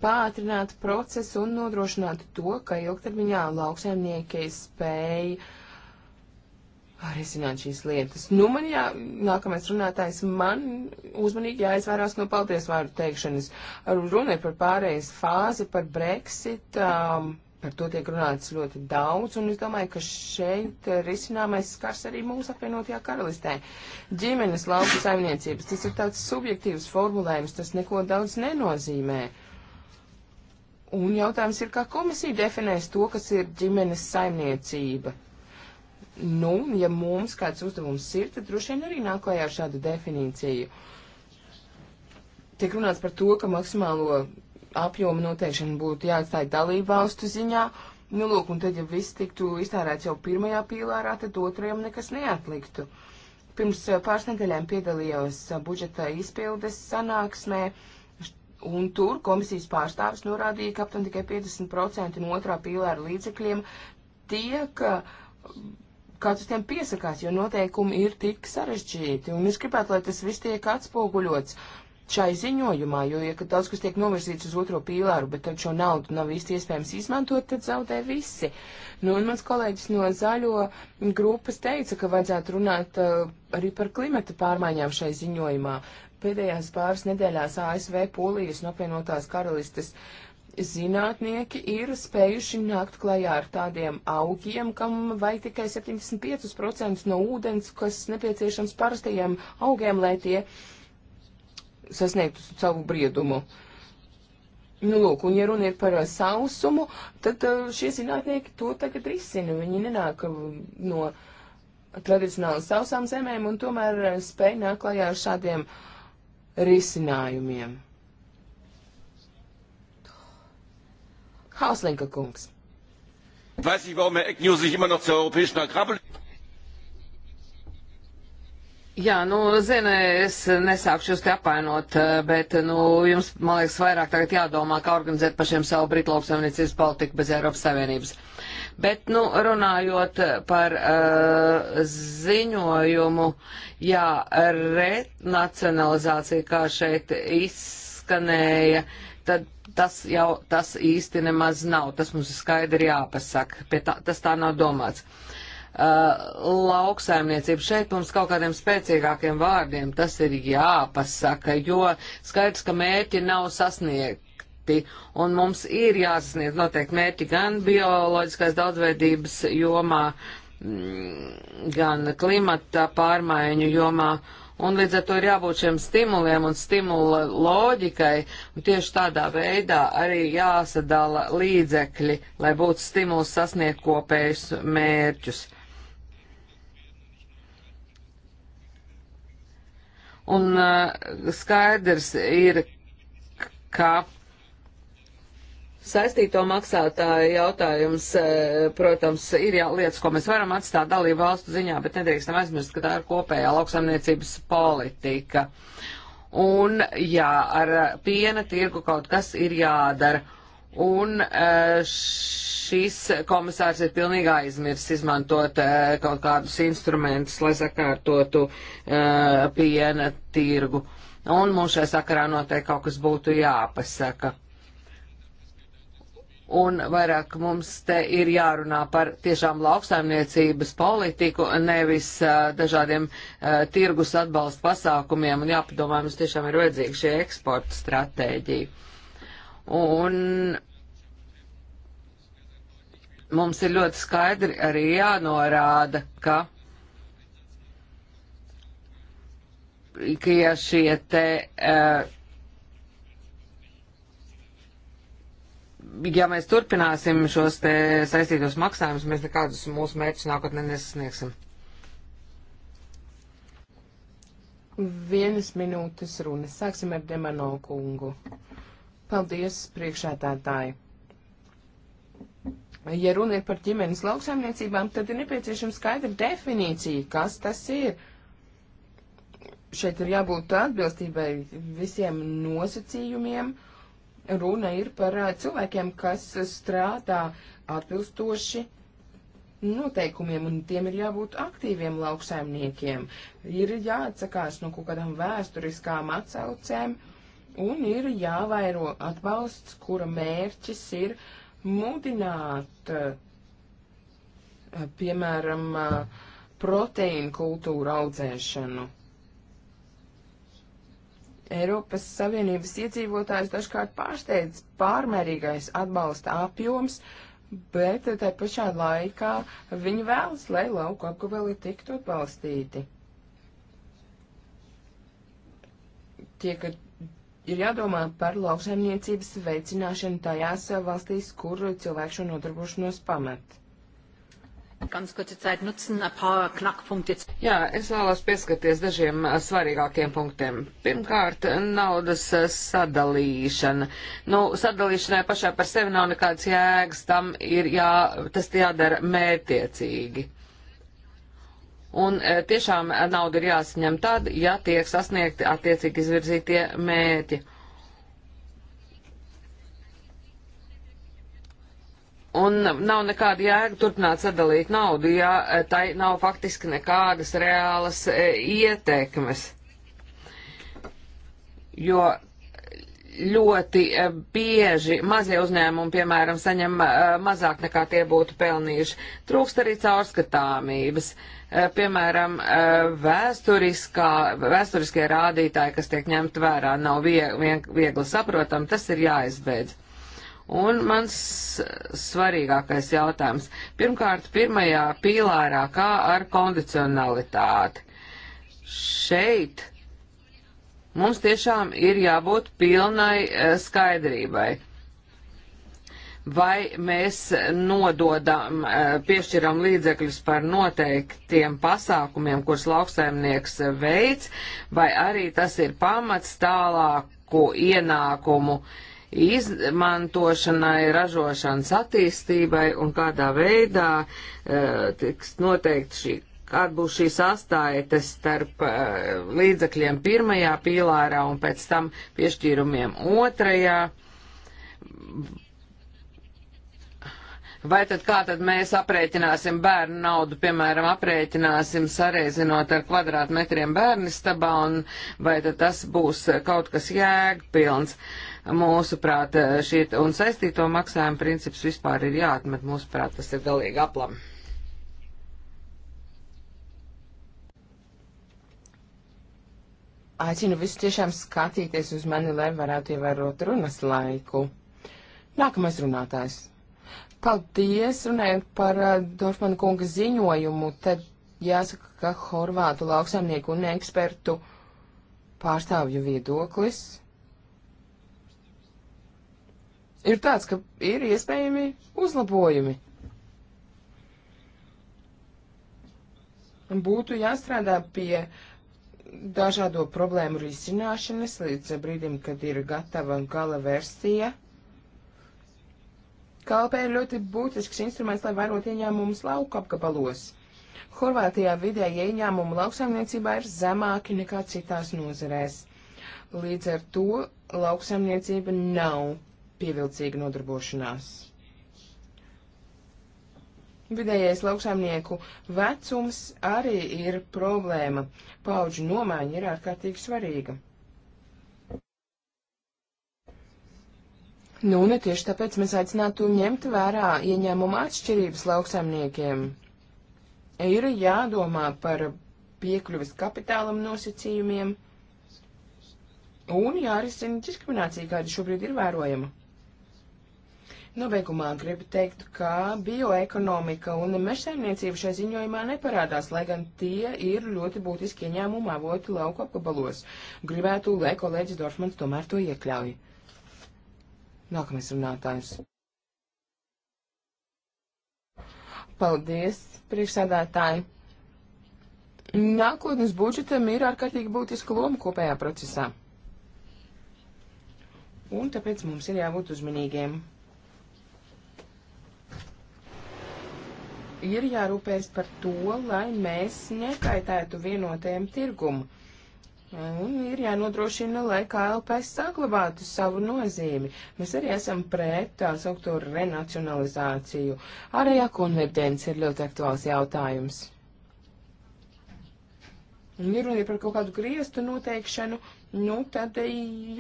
pātrinātu procesu un nodrošinātu to, ka ilgtermiņā lauksaimnieki spēj risināt šīs lietas. Nu, man jā, nākamais runātājs, man uzmanīgi jāizvairās no paldies vārdu teikšanas. Runa ir par pārējais fāzi, par Brexit, um, par to tiek runāts ļoti daudz, un es domāju, ka šeit risināmais skars arī mūsu apvienotajā karalistē. Ģimenes lauku saimniecības, tas ir tāds subjektīvs formulējums, tas neko daudz nenozīmē. Uh, Un jautājums ir, kā komisija definēs to, kas ir ģimenes saimniecība. Nu, ja mums kāds uzdevums ir, tad droši vien arī nākojā ar šādu definīciju. Tiek runāts par to, ka maksimālo apjomu noteikšanu būtu jāatstāj dalību valstu ziņā. Nu, lūk, un tad, ja viss tiktu iztērēts jau pirmajā pīlārā, tad otrajam nekas neatliktu. Pirms eh, pāris nedēļām piedalījos eh, budžeta izpildes sanāksmē. Ne Un tur komisijas pārstāvis norādīja, ka aptuveni tikai 50% no otrā pīlāra līdzekļiem tiek kāds uz tiem piesakās, jo noteikumi ir tik sarežģīti. Un es gribētu, lai tas viss tiek atspoguļots šai ziņojumā, jo, ja daudz kas tiek novirzīts uz otro pīlāru, bet tad šo naudu nav īsti iespējams izmantot, tad zaudē visi. Nu, un mans kolēģis no zaļo grupas teica, ka vajadzētu runāt uh, arī par klimata pārmaiņām šai ziņojumā. Pēdējās pāris nedēļās ASV, Polijas un apvienotās karalistes zinātnieki ir spējuši nākt klajā ar tādiem augiem, kam vajag tikai 75% no ūdens, kas nepieciešams parastajiem augiem, lai tie sasniegtu savu briedumu. Nu, lūk, un ja runa ir par sausumu, tad uh, šie zinātnieki to tagad risina. Viņi nenāk uh, no tradicionāli sausām zemēm un tomēr uh, spēj nāk klajā ar šādiem uh, risinājumiem. Hauslinka kungs. Weiß ich, warum Herr Ecknew sich immer noch zur europäischen Agrarpolitik. Jā, nu, zinu, es nesākšu jūs te apainot, bet, nu, jums, man liekas, vairāk tagad jādomā, kā organizēt pašiem savu Britu lauksaimniecības politiku bez Eiropas Savienības. Uh, Bet, nu, runājot par uh, ziņojumu, jā, renacionalizācija, kā šeit izskanēja, tad tas jau tas īsti nemaz nav. Tas mums ir skaidri jāpasaka. Pie tā, tas tā nav domāts. Uh, lauksaimniecība šeit mums kaut kādiem spēcīgākiem vārdiem tas ir jāpasaka, jo skaidrs, ka mērķi nav sasniegt mērķi, un mums ir jāsasniedz noteikti mērķi gan bioloģiskās daudzveidības jomā, mm, gan klimata pārmaiņu jomā. Un līdz ar to ir jābūt šiem stimuliem un stimula loģikai, un tieši tādā veidā arī jāsadala līdzekļi, lai būtu stimuls sasniegt kopējus mērķus. Un uh, skaidrs ir, ka Saistīto maksātāju jautājums, e, protams, ir jau lietas, ko mēs varam atstāt dalību valstu ziņā, bet nedrīkstam aizmirst, ka tā ir kopējā lauksaimniecības politika. Un jā, ar piena tirgu kaut kas ir jādara. Un e, šis komisārs ir pilnīgi aizmirsis izmantot e, kaut kādus instrumentus, lai sakārtotu piena tirgu. Un mums šai sakarā noteikti kaut kas būtu jāpasaka un vairāk mums te ir jārunā par tiešām lauksaimniecības politiku, nevis uh, dažādiem uh, tirgus atbalsta pasākumiem, un jāpadomā, mums tiešām ir vajadzīga šī eksporta stratēģija. Un mums ir ļoti skaidri arī jānorāda, ka ka ja šie te uh, ja mēs turpināsim šos te saistītos maksājumus, mēs nekādus mūsu mērķus nākotnē nesasniegsim. Vienas minūtes runas. Sāksim ar Demano kungu. Paldies, priekšētātāji. Ja runa ir par ģimenes lauksaimniecībām, tad ir nepieciešama skaidra definīcija, kas tas ir. Šeit ir jābūt atbilstībai visiem nosacījumiem. Uh, runa ir par cilvēkiem, kas strādā atbilstoši noteikumiem, un tiem ir jābūt aktīviem lauksaimniekiem. Ir jāatsakās no kaut kādām vēsturiskām atsaucēm, un ir jāvairo atbalsts, kura mērķis ir mudināt, piemēram, proteīnu kultūru audzēšanu. Eiropas Savienības iedzīvotājs dažkārt pārsteidz pārmērīgais atbalsta apjoms, bet tā pašā laikā viņi vēlas, lai lauku apgabali tiktu atbalstīti. Tiek ir jādomā par lauksaimniecības veicināšanu tajās valstīs, kur cilvēku šo nodarbošanos pamet ganz kurze Zeit nutzen, ein paar Knackpunkte. Jā, es vēlos pieskaties dažiem svarīgākiem punktiem. Pirmkārt, naudas sadalīšana. Nu, sadalīšanai pašā par sevi nav nekāds jēgas, tam ir jā, tas jādara mērtiecīgi. Un tiešām nauda ir jāsaņem tad, ja tiek sasniegti attiecīgi izvirzītie mērķi. Un nav nekāda jēga turpināt sadalīt naudu, ja e, tai nav faktiski nekādas reālas e, ietekmes. Jo ļoti e, bieži mazie uzņēmumi, piemēram, saņem mazāk nekā tie būtu pelnījuši. Trūkst arī caurskatāmības. Piemēram, vēsturiskie rādītāji, kas tiek ņemt vērā, nav viegli saprotami, tas ir jāizbeidz. Un mans svarīgākais jautājums. Pirmkārt, pirmajā pīlārā, kā ar kondicionalitāti? Šeit mums tiešām ir jābūt pilnai e, skaidrībai. Vai mēs nododam, e, piešķiram līdzekļus par noteiktiem pasākumiem, kurus lauksaimnieks veids, vai arī tas ir pamats tālāku ienākumu uh, izmantošanai, ražošanas attīstībai un kādā veidā e, tiks noteikti šī kāda būs šī sastāja starp uh, e, līdzakļiem pirmajā pīlārā un pēc tam piešķīrumiem otrajā. Vai tad kā tad mēs aprēķināsim bērnu naudu, piemēram, aprēķināsim sareizinot ar kvadrātmetriem bērnistabā, un vai tad tas būs kaut kas jēgpilns? Uh, Mūsuprāt, šī un saistīto maksājumu princips vispār ir jāatmet, mūsuprāt, tas ir galīgi aplam. Aicinu visus tiešām skatīties uz mani, lai varētu ievērot runas laiku. Nākamais runātājs. Paldies, runājot par uh, Dorfmanu kunga ziņojumu, tad jāsaka, ka horvātu lauksaimnieku un ekspertu pārstāvju viedoklis ir tāds, ka ir iespējami uzlabojumi. Būtu jāstrādā pie dažādo problēmu risināšanas līdz brīdim, kad ir gatava gala versija. Kalpē ir ļoti būtisks instruments, lai vairot ieņēmumus lauka apgabalos. Horvātijā vidēji ieņēmumi lauksaimniecībā ir zemāki nekā citās nozerēs. Līdz ar to lauksaimniecība nav pievilcīga nodarbošanās. Vidējais lauksaimnieku vecums arī ir problēma. Paudžu nomaiņa ir ārkārtīgi svarīga. Nu, ne tieši tāpēc mēs aicinātu ņemt vērā ieņēmuma atšķirības lauksaimniekiem. Ir jādomā par piekļuvis kapitālam nosacījumiem un jārisina diskriminācija, kāda šobrīd ir vērojama. Nobeigumā gribu teikt, ka bioekonomika un mežsaimniecība šai ziņojumā neparādās, lai gan tie ir ļoti būtiski ieņēmumu avoti lauku apgabalos. Gribētu, lai kolēģis Dorfmans tomēr to iekļauj. Nākamais runātājs. Paldies, priekšsādātāji. Nākotnes budžetam ir ārkārtīgi būtiska loma kopējā procesā. Un tāpēc mums ir jābūt uzmanīgiem. ir jārūpējas par to, lai mēs nekaitētu vienotajam tirgumu. Un ir jānodrošina, lai KLP saglabātu savu nozīmi. Mēs arī esam pret tā saukto renacionalizāciju. Ārējā konverģence ir ļoti aktuāls jautājums. Un ir runa par kaut kādu griestu noteikšanu, nu tad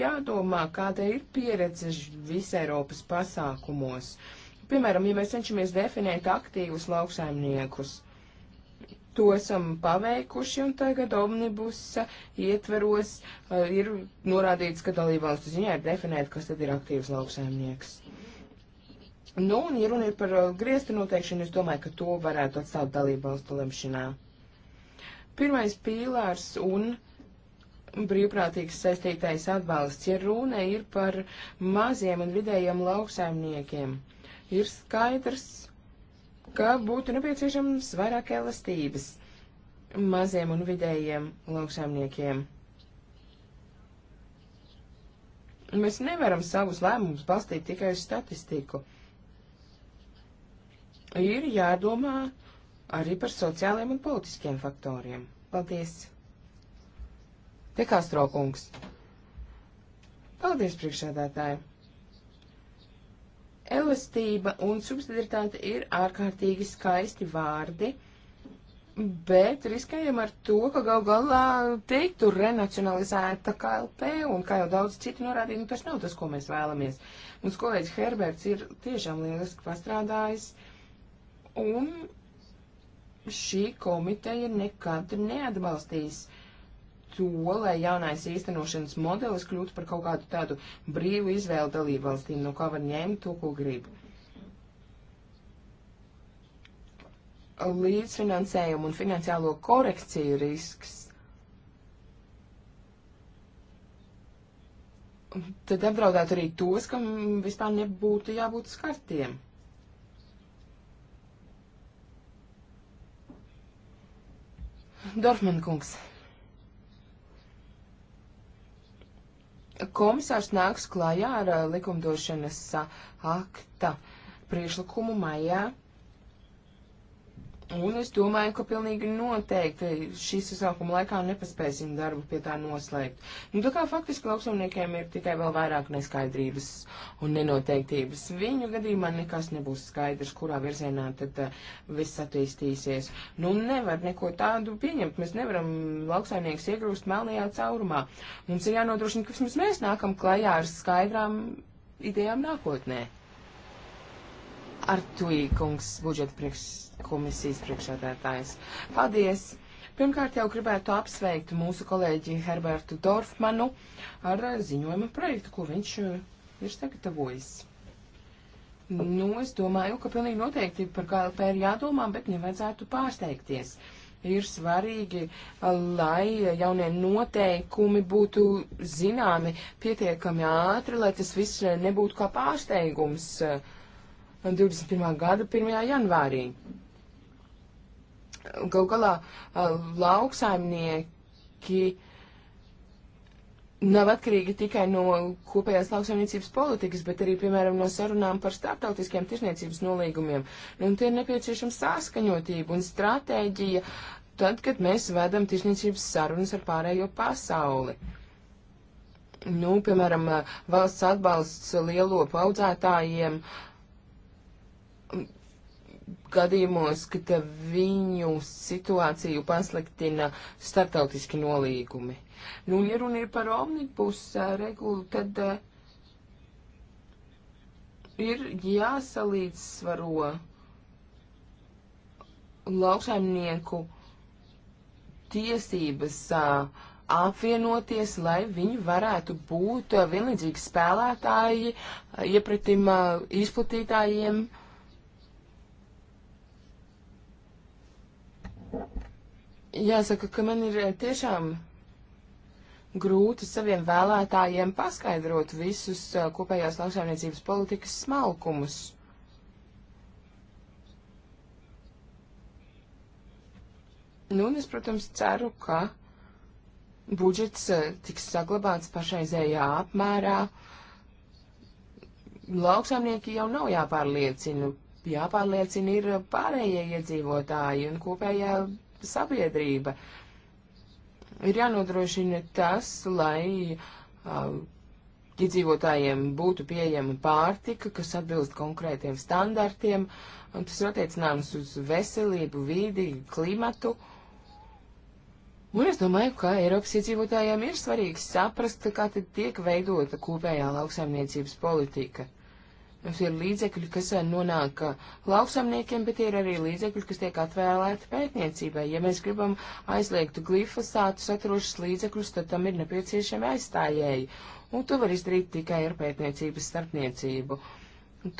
jādomā, kāda ir pieredze visai Eiropas pasākumos. Uh, Piemēram, ja mēs cenšamies definēt aktīvus lauksaimniekus, to esam paveikuši, un tagad omnibusa ietveros uh, ir norādīts, ka dalībvalstu ziņā ir definēt, kas tad ir aktīvs lauksaimnieks. Nu, un, ja runa ir par uh, griezta noteikšanu, es domāju, ka to varētu atstāt dalībvalstu lemšanā. Pirmais pīlārs un brīvprātīgs saistītais atbalsts, ja runa ir par maziem un vidējiem lauksaimniekiem. Uh, ir skaidrs, ka būtu nepieciešams vairāk elastības maziem un vidējiem lauksaimniekiem. Mēs nevaram savus lēmumus balstīt tikai uz statistiku. Ir jādomā arī par sociāliem un politiskiem faktoriem. Paldies! Te kā strokungs. Paldies, priekšsēdētāji! Elastība un subsidiaritāte ir ārkārtīgi skaisti vārdi, bet riskējam ar to, ka gal galā teiktu renacionalizēta KLP un, kā jau daudz citi norādīja, nu tas nav tas, ko mēs vēlamies. Mums kolēģis Herberts ir tiešām lieliski pastrādājis un šī komiteja nekad neatbalstīs uh, to, lai jaunais īstenošanas modelis kļūtu par kaut kādu tādu brīvu izvēlu dalību valstīm, no kā var ņemt to, ko grib. Līdzfinansējumu un finansiālo korekciju risks. Tad apdraudētu arī tos, kam vispār nebūtu jābūt skartiem. Dorfman kungs. komisārs nāks klajā ar likumdošanas akta priešlikumu maijā Un es domāju, ka pilnīgi noteikti šīs sasaukuma laikā nepaspēsim darbu pie tā noslēgt. Nu, tā kā faktiski lauksaimniekiem ir tikai vēl vairāk neskaidrības un nenoteiktības. Viņu gadījumā nekas nebūs skaidrs, kurā virzienā tad uh, viss attīstīsies. Nu, nevar neko tādu pieņemt. Mēs nevaram lauksaimnieks iegrūst melnajā caurumā. Mums ir jānodrošina, ka vismaz mēs nākam klajā ar skaidrām idejām nākotnē. Artuīkungs, budžeta priekš, komisijas priekšsēdētājs. Paldies! Pirmkārt jau gribētu apsveikt mūsu kolēģi Herbertu Dorfmanu ar ziņojuma projektu, ko viņš eh, ir sagatavojis. Nu, es domāju, ka pilnīgi noteikti par KLP ir jādomā, bet nevajadzētu pārsteigties. Ir svarīgi, lai jaunie noteikumi būtu zināmi pietiekami ātri, lai tas viss eh, nebūtu kā pārsteigums. Uh, 21. gada 1. janvārī. Gau galā lauksaimnieki nav atkarīgi tikai no kopējās lauksaimniecības politikas, bet arī, piemēram, no sarunām par starptautiskiem tirsniecības nolīgumiem. Nu, un tie ir nepieciešama saskaņotība un stratēģija tad, kad mēs vedam tirsniecības sarunas ar pārējo pasauli. Nu, piemēram, valsts atbalsts lielo paudzētājiem, uh, gadījumos, kad viņu situāciju pasliktina startautiski nolīgumi. Nu, ja runa ir par omnibus regulu, tad uh, ir jāsalīdzsvaro lauksaimnieku tiesības uh, apvienoties, lai viņi varētu būt vienlīdzīgi spēlētāji iepratim izplatītājiem Jāsaka, ka man ir eh, tiešām grūti saviem vēlētājiem paskaidrot visus eh, kopējās lauksaimniecības politikas smalkumus. Nu, un es, protams, ceru, ka budžets eh, tiks saglabāts pašreizējā apmērā. Lauksaimnieki jau nav jāpārliecina. Jāpārliecina ir pārējie iedzīvotāji un kopējā sabiedrība. Ir jānodrošina tas, lai uh, iedzīvotājiem būtu pieejama pārtika, kas atbilst konkrētiem standartiem, un tas ir attiecināms uz veselību, vīdi, klimatu. Un es domāju, ka Eiropas iedzīvotājiem ir svarīgi saprast, kā tad tiek veidota kopējā lauksaimniecības politika. Mums ir līdzekļi, kas eh, nonāk eh, lauksamniekiem, bet ir arī līdzekļi, kas tiek atvēlēti pētniecībai. Ja mēs gribam aizliegt glifosātu saturošus līdzekļus, tad tam ir nepieciešami aizstājēji. Un to var izdarīt tikai ar pētniecības starpniecību.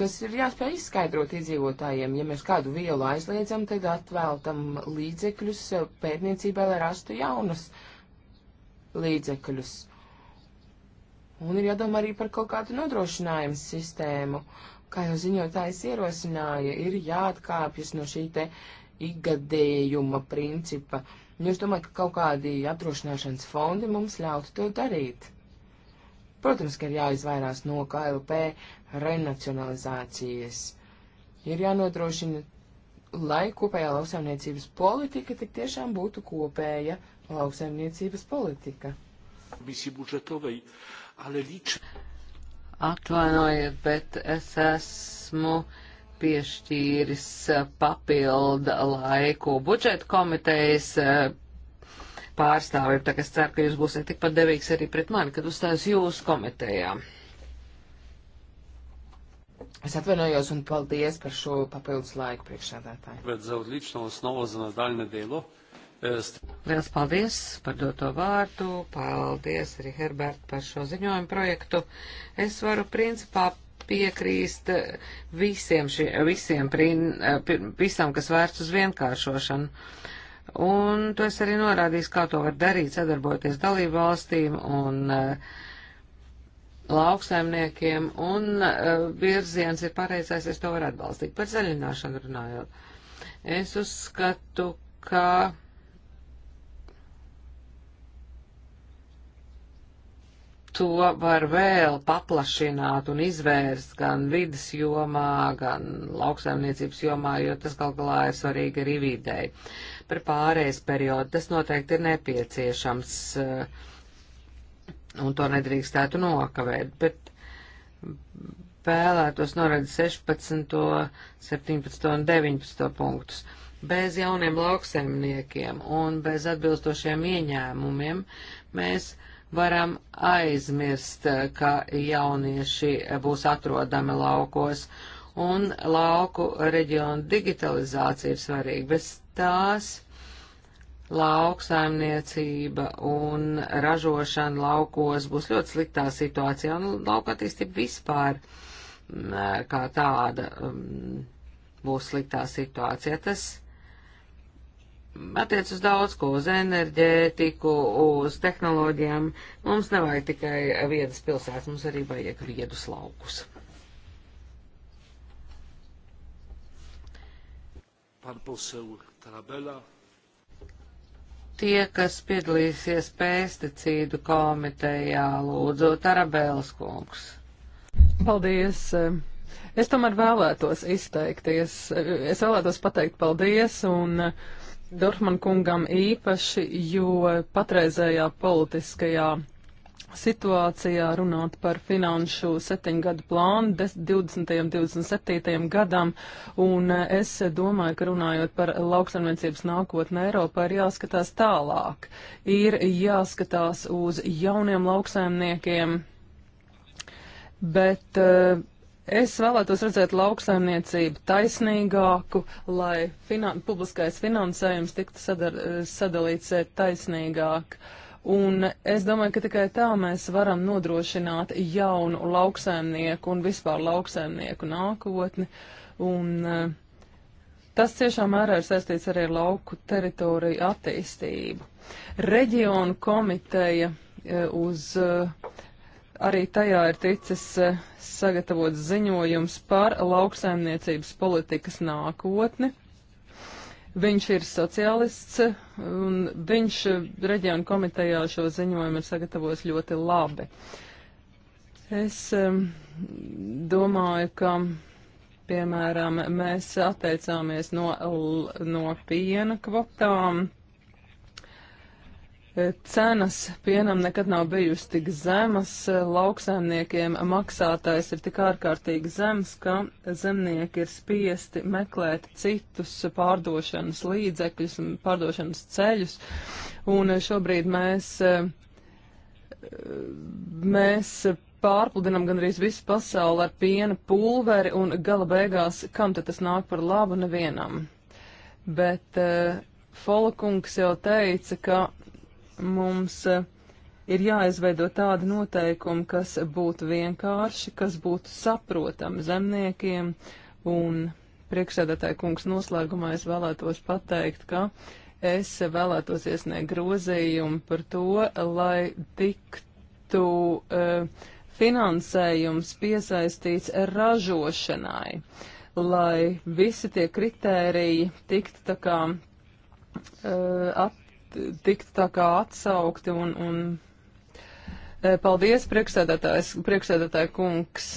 Tas ir jāspēj izskaidrot iedzīvotājiem. Ja mēs kādu vielu aizliedzam, tad atvēltam līdzekļus pētniecībai, lai rastu jaunus līdzekļus. Un ir jādomā arī par kaut kādu nodrošinājumu sistēmu. Kā jau ziņotājs ierosināja, ir jāatkāpjas no šī te ikgadējuma principa. Un es domāju, ka kaut kādi apdrošināšanas fondi mums ļautu to darīt. Protams, ka ir jāizvairās no KLP renacionalizācijas. Ir jānodrošina, lai kopējā lauksaimniecības politika tik tiešām būtu kopēja lauksaimniecības politika. Misija budžetovai Atvainojiet, bet es esmu piešķīris papilda laiku budžeta komitejas eh, pārstāvjiem, tā ka es ceru, ka jūs būsiet tikpat devīgs arī pret mani, kad uzstājas jūsu komitejā. Es atvainojos un paldies par šo papildus laiku priekšsēdētāju. Bet zaudlično osnovu za nadaļne delo Liels paldies par doto vārdu, paldies arī Herbert par šo ziņojumu projektu. Es varu principā piekrīst visiem, šie, visiem visam, kas vērts uz vienkāršošanu. Un to es arī norādīju, kā to var darīt, sadarbojoties dalību valstīm un uh, lauksaimniekiem, un uh, virziens ir pareizais, es to varu atbalstīt. Par zaļināšanu runājot. Es uzskatu, ka to var vēl paplašināt un izvērst gan vidas jomā, gan lauksaimniecības jomā, jo tas gal galā ir svarīgi arī videi. Par pārējais periodu tas noteikti ir nepieciešams eh, un to nedrīkstētu nokavēt, bet vēlētos norādīt 16, 17 un 19 punktus. Bez jauniem lauksaimniekiem un bez atbilstošiem ieņēmumiem mēs varam aizmirst, eh, ka jaunieši būs atrodami laukos. Un lauku reģionu digitalizācija ir svarīga. Bez tās lauksaimniecība un ražošana laukos būs ļoti sliktā situācijā, un lauka attīstība vispār mm, eh, kā tāda mm, būs sliktā situācija. Tas attiec uz daudz ko, uz enerģētiku, uz tehnoloģijām. Mums nevajag tikai viedas pilsētas, mums arī vajag viedus laukus. Tie, kas piedalīsies pesticīdu komitejā, lūdzu, Tarabēlas kungs. Paldies! Es tomēr vēlētos izteikties, es vēlētos pateikt paldies un uh, Dorfman kungam īpaši, jo patreizējā politiskajā situācijā runāt par finanšu septiņgadu plānu 20. un 27. gadam, un es domāju, ka runājot par lauksaimniecības nākotni Eiropā, ir jāskatās tālāk. Ir jāskatās uz jauniem lauksaimniekiem, bet uh, Es vēlētos redzēt lauksaimniecību taisnīgāku, lai finan publiskais finansējums tiktu sadar sadalīts eh, taisnīgāk. Un es domāju, ka tikai tā mēs varam nodrošināt jaunu lauksaimnieku un vispār lauksaimnieku nākotni. Un, uh, Tas ciešā mērā ir saistīts arī ar lauku teritoriju attīstību. Reģionu komiteja eh, uz Arī tajā ir ticis e, sagatavots ziņojums par lauksaimniecības politikas nākotni. Viņš ir sociālists, e, un viņš e, reģionu komitejā šo ziņojumu ir sagatavojis ļoti labi. Es domāju, ka, piemēram, mēs atteicāmies no, no piena kvotām Cenas pienam nekad nav bijusi tik zemas, lauksaimniekiem maksātais ir tik ārkārtīgi zems, ka zemnieki ir spiesti meklēt citus pārdošanas līdzekļus un pārdošanas ceļus. Un šobrīd mēs, mēs pārpludinam gandrīz visu pasauli ar piena pulveri un gala beigās, kam tad tas nāk par labu nevienam. Bet eh, Folakungs jau teica, ka mums eh, ir jāizveido tādi noteikumi, kas būtu vienkārši, kas būtu saprotami zemniekiem. Un priekšsēdētāja kungs noslēgumā es vēlētos pateikt, ka es vēlētos iesniegt grozījumu par to, lai tiktu uh, finansējums piesaistīts ražošanai, lai visi tie kritēriji tiktu tā kā uh, ap tiktu tā kā atsaukti un, un e, paldies priekšsēdētājs, priekšsēdētāja kungs.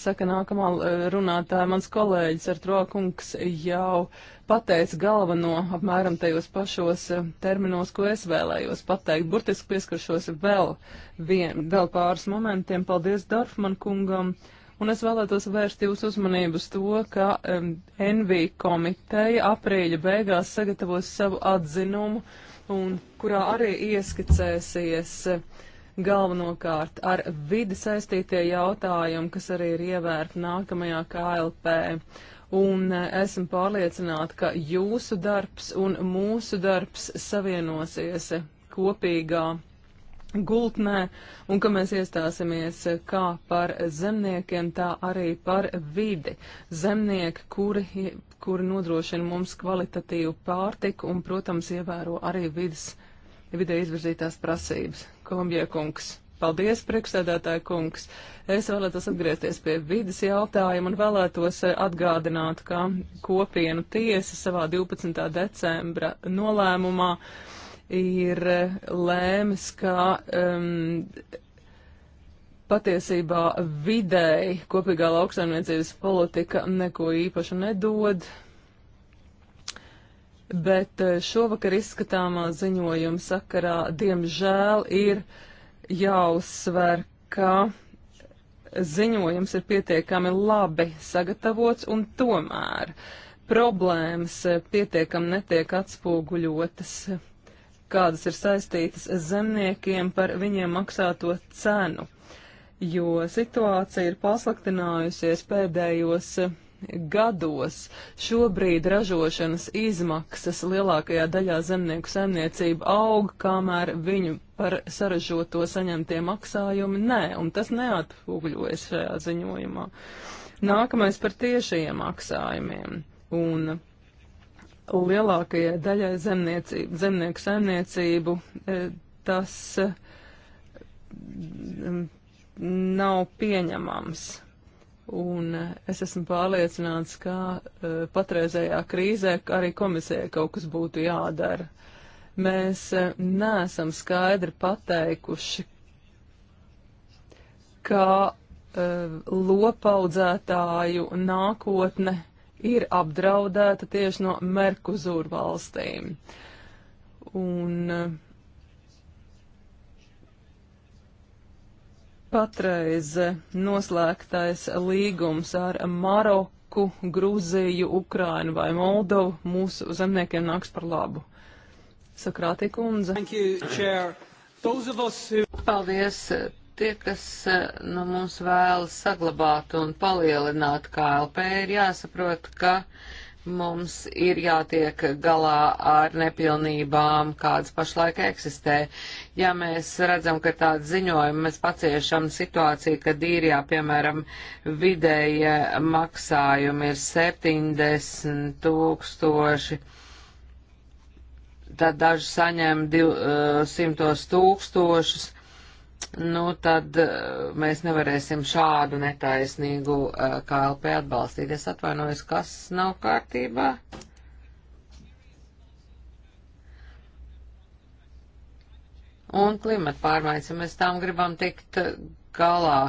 Saka nākamā e, runātāja, mans kolēģis ar to kungs jau pateica galveno apmēram tajos pašos e, terminos, ko es vēlējos pateikt. Burtiski pieskaršos vēl, vien, vēl pāris momentiem. Paldies Darfman kungam. Un es vēlētos vērst jūsu uzmanību uz to, ka um, NV komiteja aprīļa beigās sagatavos savu atzinumu un kurā arī ieskicēsies eh, galvenokārt ar vidi saistītie jautājumi, kas arī ir ievērti nākamajā KLP. Un eh, esmu pārliecināta, ka jūsu darbs un mūsu darbs savienosies eh, kopīgā gultnē un ka mēs iestāsimies kā par zemniekiem, tā arī par vidi. Zemnieki, kuri kuri nodrošina mums kvalitatīvu pārtiku un, protams, ievēro arī vidas, vidē izvirzītās prasības. Kolumbijai kungs. Paldies, priekšsēdētāji kungs. Es vēlētos atgriezties pie vidas jautājuma un vēlētos eh, atgādināt, ka kopienu tiesa savā 12. decembra nolēmumā ir eh, lēmis, ka um, Patiesībā vidēji kopīgā lauksaimniecības politika neko īpaši nedod, bet eh, šovakar izskatāmā ziņojuma sakarā diemžēl ir jāuzsver, ka ziņojums ir pietiekami labi sagatavots un tomēr problēmas eh, pietiekami netiek atspoguļotas, kādas ir saistītas zemniekiem par viņiem maksāto cenu jo situācija ir pasliktinājusies pēdējos eh, gados. Šobrīd ražošanas izmaksas lielākajā daļā zemnieku saimniecību aug, kamēr viņu par saražoto saņemtie maksājumi nē, un tas neatpūgļojas šajā ziņojumā. Nākamais par tiešajiem maksājumiem. Un lielākajai daļai zemnieku saimniecību eh, tas eh, nav pieņemams. Un eh, es esmu pārliecināts, ka uh, patreizējā krīzē arī komisijai kaut kas būtu jādara. Mēs uh, neesam skaidri pateikuši, ka uh, lopaudzētāju nākotne ir apdraudēta tieši no Merkuzūra valstīm. Un, uh, Patreiz noslēgtais līgums ar Maroku, Grūziju, Ukrainu vai Moldovu mūsu zemniekiem nāks par labu. Sakrātī kundze. Paldies! Tie, kas eh, nu, mums vēlas saglabāt un palielināt KLP, ir jāsaprot, ka uh, mums ir jātiek galā ar nepilnībām, kādas pašlaik eksistē. Ja mēs redzam, ka tāda ziņojuma mēs paciešam situāciju, kad īrijā, piemēram, vidēja maksājumi ir 70 tūkstoši, tad daži saņem 200 uh, tūkstošus nu tad eh, mēs nevarēsim šādu netaisnīgu eh, KLP atbalstīt. Es atvainojos, kas nav kārtībā. Un klimata pārmaiņas, ja mēs tām gribam tikt eh, galā,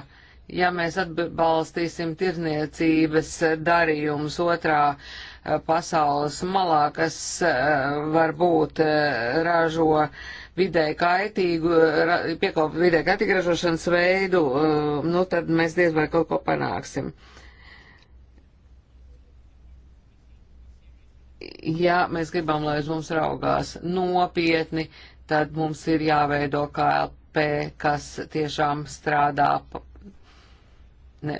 ja mēs atbalstīsim tirniecības darījumus otrā pasaules malā, kas varbūt ražo uh, vidē kaitīgu, piekopu vidē kaitīgu ražošanas veidu, uh, nu tad mēs diez vai kaut ko panāksim. Ja mēs gribam, lai uz mums raugās nopietni, tad mums ir jāveido KLP, kas tiešām strādā pa, ne,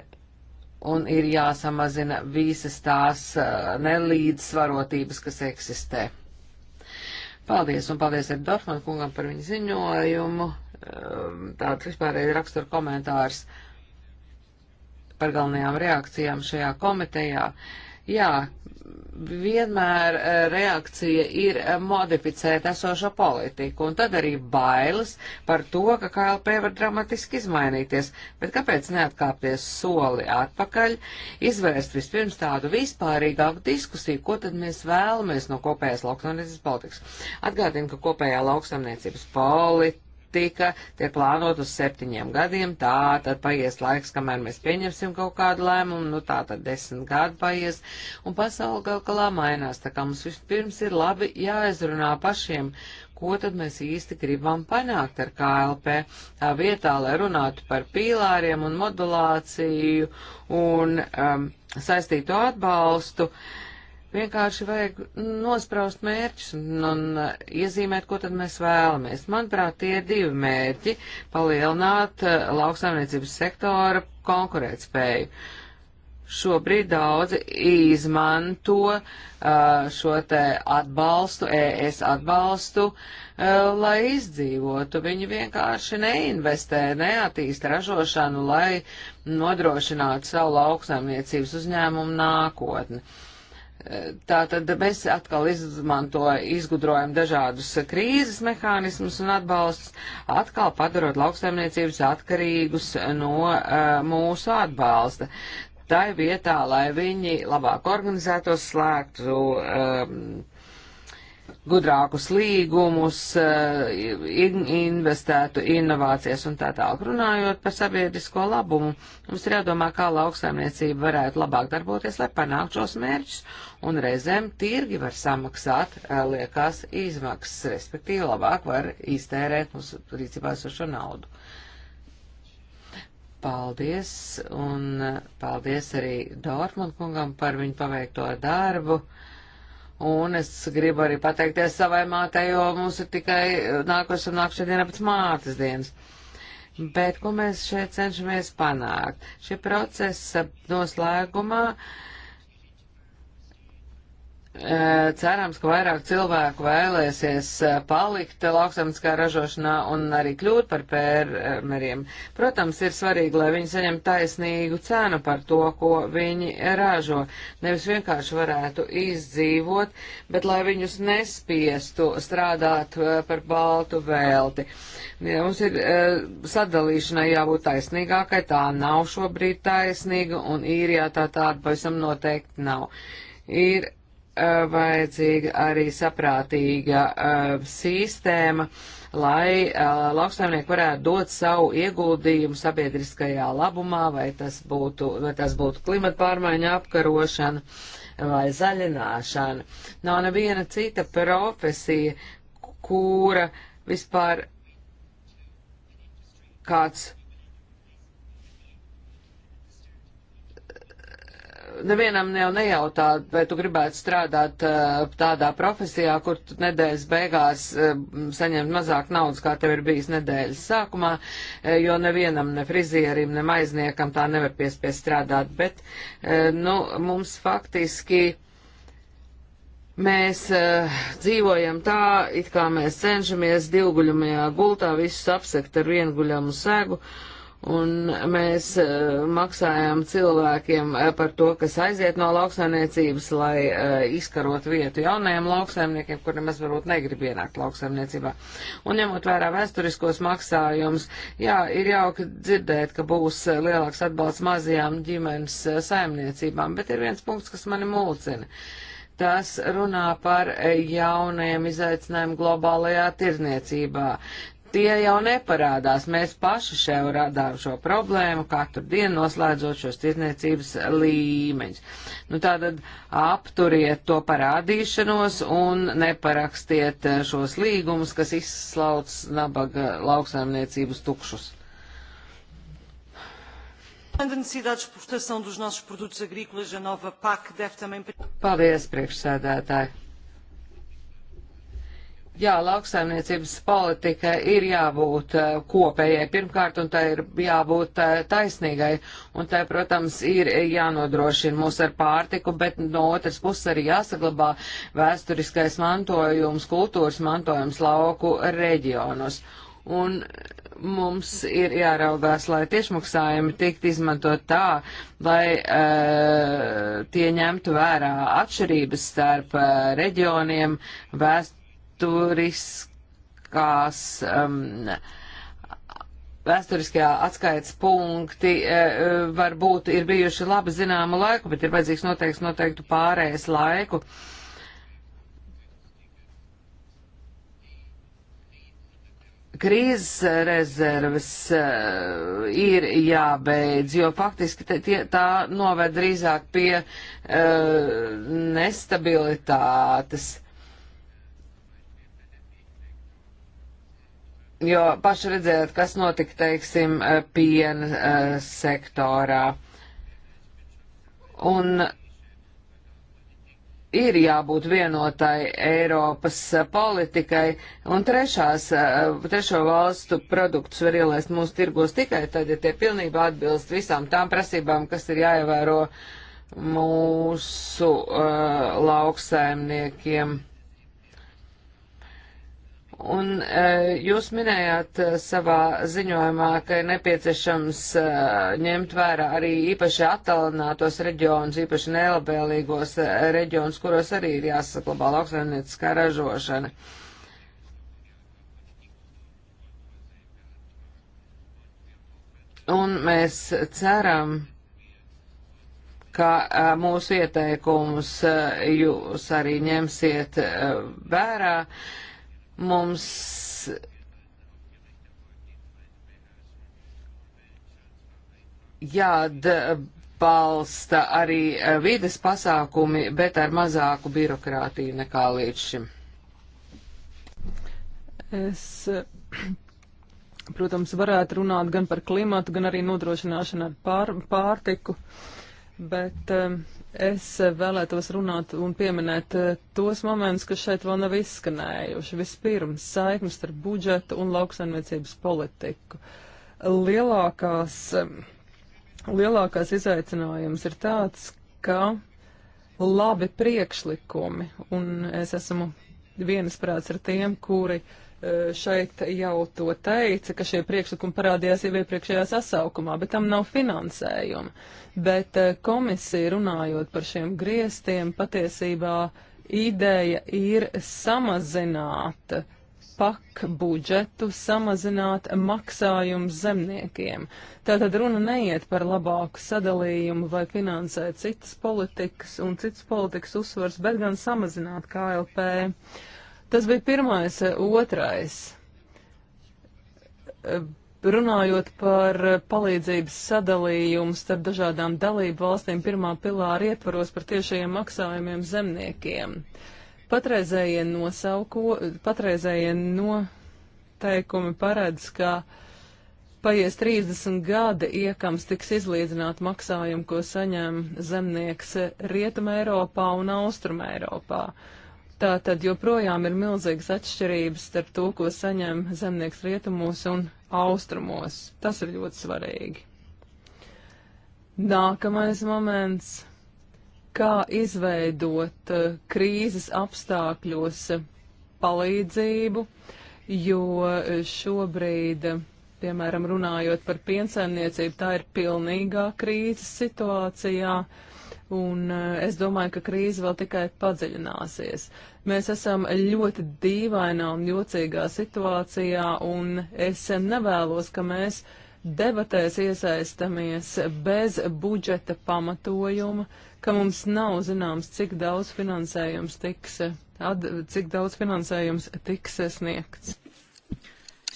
un ir jāsamazina visas tās uh, nelīdzsvarotības, kas eksistē. Paldies, un paldies arī Dorfman kungam par viņu ziņojumu. Ehm, tāds vispārēji rakstura komentārs par galvenajām reakcijām šajā komitejā. Jā, vienmēr eh, reakcija ir eh, modificēt esošo politiku, un tad arī bailes par to, ka KLP var dramatiski izmainīties. Bet kāpēc neatkāpties soli atpakaļ, izvērst vispirms tādu vispārīgāku diskusiju, ko tad mēs vēlamies no kopējās lauksaimniecības politikas? Atgādinu, ka kopējā lauksaimniecības politika politika tiek plānot uz septiņiem gadiem, tā tad paies laiks, kamēr mēs pieņemsim kaut kādu lēmumu, nu tā tad desmit gadi paies, un pasauli gal galā mainās, tā kā mums vispirms ir labi jāizrunā pašiem, ko tad mēs īsti gribam panākt ar KLP, tā vietā, lai runātu par pīlāriem un modulāciju un um, saistīto atbalstu. Uh, Vienkārši vajag nospraust mērķus un, un uh, iezīmēt, ko tad mēs vēlamies. Manuprāt, tie ir divi mērķi - palielināt uh, lauksaimniecības sektora konkurētspēju. Šobrīd daudzi izmanto uh, šo te atbalstu, ES atbalstu, lai izdzīvotu. Viņi vienkārši neinvestē, neattīst ražošanu, lai nodrošinātu savu lauksaimniecības uzņēmumu nākotni. Tātad mēs atkal izmanto, izgudrojam dažādus krīzes mehānismus un atbalsts, atkal padarot lauksaimniecības atkarīgus no uh, mūsu atbalsta. Tā ir vietā, lai viņi labāk organizētos, slēgtu um, gudrākus līgumus, eh, in investētu inovācijas un tā tālāk. Runājot par sabiedrisko labumu, mums ir jādomā, kā lauksaimniecība varētu labāk darboties, lai panāktu šos mērķus, un reizēm tirgi var samaksāt eh, liekās izmaksas, respektīvi labāk var iztērēt mūsu rīcībā esošo naudu. Paldies, un eh, paldies arī Dortmund kungam par viņu paveikto darbu. Uh, Un es gribu arī pateikties savai mātei, jo mums ir tikai eh, nākošais un nākošais diena pēc mātes dienas. Bet ko mēs šeit cenšamies panākt? Šī procesa noslēgumā uh, Cerams, ka vairāk cilvēku vēlēsies palikt lauksamniskā ražošanā un arī kļūt par pērmeriem. Protams, ir svarīgi, lai viņi saņem taisnīgu cenu par to, ko viņi ražo. Nevis vienkārši varētu izdzīvot, bet lai viņus nespiestu strādāt par baltu velti. Ja mums ir sadalīšanai jābūt taisnīgākai, tā nav šobrīd taisnīga un īrijā tā tāda pavisam noteikti nav. Ir Eh, vajadzīga arī saprātīga uh, sistēma, lai uh, lauksaimnieki varētu dot savu ieguldījumu sabiedriskajā labumā, vai tas būtu, vai tas būtu klimata pārmaiņa apkarošana vai zaļināšana. Nav neviena cita profesija, kura vispār kāds nevienam jau nejautā, vai tu gribētu strādāt eh, tādā profesijā, kur tu nedēļas beigās eh, saņemt mazāk naudas, kā tev ir bijis nedēļas sākumā, eh, jo nevienam, ne frizierim, ne maizniekam tā nevar piespiest strādāt, bet, nu, mums faktiski. Mēs uh, dzīvojam tā, it kā mēs cenšamies divguļamajā gultā visus apsekt ar vienguļamu segu, uh, Un mēs uh, maksājam cilvēkiem uh, par to, kas aiziet no lauksaimniecības, lai uh, izkarot vietu jaunajiem lauksaimniekiem, kuri nemaz varbūt negrib ienākt lauksaimniecībā. Un ņemot vērā vēsturiskos maksājumus, jā, ir jauki dzirdēt, ka būs lielāks atbalsts mazajām ģimenes saimniecībām, bet ir viens punkts, kas mani mulcina. Tas runā par jaunajiem izaicinājumiem globālajā tirniecībā tie jau neparādās. Mēs paši šeit radām šo problēmu, katru dienu noslēdzot šos tirdzniecības līmeņus. Nu, tātad apturiet to parādīšanos un neparakstiet eh, šos līgumus, kas izslauc nabaga lauksaimniecības tukšus. Paldies, priekšsēdētāji! Jā, lauksaimniecības politika ir jābūt eh, kopējai pirmkārt, un tai ir jābūt eh, taisnīgai, un tai, protams, ir jānodrošina mūs ar pārtiku, bet no otras puses arī jāsaglabā vēsturiskais mantojums, kultūras mantojums lauku reģionos. Un mums ir jāraugās, lai tiešmaksājumi tikt izmantot tā, lai uh, tie ņemtu vērā atšķirības starp uh, reģioniem, vēst, vēsturiskās. Um, Vēsturiskajā atskaites punkti uh, varbūt ir bijuši labi zināmu laiku, bet ir vajadzīgs noteikts noteiktu pārējais laiku. krīzes rezerves uh, ir jābeidz, jo faktiski te, tie, tā noved drīzāk pie uh, nestabilitātes. jo paši redzējāt, kas notika, teiksim, eh, piena eh, sektorā. Un ir jābūt vienotai Eiropas eh, politikai, un trešās, trešo valstu produktus var ielaist mūsu tirgos tikai tad, ja tie pilnībā atbilst visām tām prasībām, kas ir jāievēro mūsu uh, lauksaimniekiem. Un eh, jūs minējāt eh, savā ziņojumā, ka ir nepieciešams eh, ņemt vērā arī īpaši attālinātos reģionus, īpaši nelabēlīgos reģionus, kuros arī ir jāsaklabā lauksaimnieciskā ražošana. Un mēs ceram, ka mūsu ieteikumus jūs arī ņemsiet vērā. Uh, Mums jāatbalsta arī eh, vides pasākumi, bet ar mazāku birokrātiju nekā līdz šim. Es, protams, varētu runāt gan par klimatu, gan arī nodrošināšanu ar pār, pārtiku, bet eh, Es vēlētos runāt un pieminēt eh, tos momentus, kas šeit vēl nav izskanējuši. Vispirms, saiknes ar budžetu un lauksaimniecības politiku. Lielākās, eh, lielākās izaicinājums ir tāds, ka labi priekšlikumi, un es esmu vienas prāts ar tiem, kuri uh, Eh, šeit jau to teica, ka šie priekšlikumi parādījās jau iepriekšējā sasaukumā, bet tam nav finansējuma. Bet eh, komisija runājot par šiem griestiem, patiesībā ideja ir samazināt pak budžetu, samazināt maksājumus zemniekiem. Tātad runa neiet par labāku sadalījumu vai finansēt citas politikas un citas politikas uzsvars, bet gan samazināt KLP. Uh, Tas bija pirmais. Eh, otrais. Eh, runājot par eh, palīdzības sadalījumu starp dažādām dalību valstīm, pirmā pilāra ietvaros par tiešajiem maksājumiem zemniekiem. Patreizējie, nosauko, patreizējie noteikumi paredz, ka paies 30 gadi iekams tiks izlīdzināt maksājumu, ko saņem zemnieks Rietuma Eiropā un Austruma Eiropā. Uh, Tā tad joprojām ir milzīgas atšķirības starp to, ko saņem zemnieks rietumos un austrumos. Tas ir ļoti svarīgi. Nākamais moments - kā izveidot eh, krīzes apstākļos palīdzību, jo eh, šobrīd, piemēram, runājot par piensaimniecību, tā ir pilnīgā krīzes situācijā. Uh, un eh, es domāju, ka krīze vēl tikai padziļināsies. Mēs esam ļoti dīvainā un jocīgā situācijā, un es nevēlos, ka mēs debatēs iesaistamies bez budžeta pamatojuma, ka mums nav zināms, cik daudz finansējums tiks, ad, cik daudz finansējums tiks sniegts.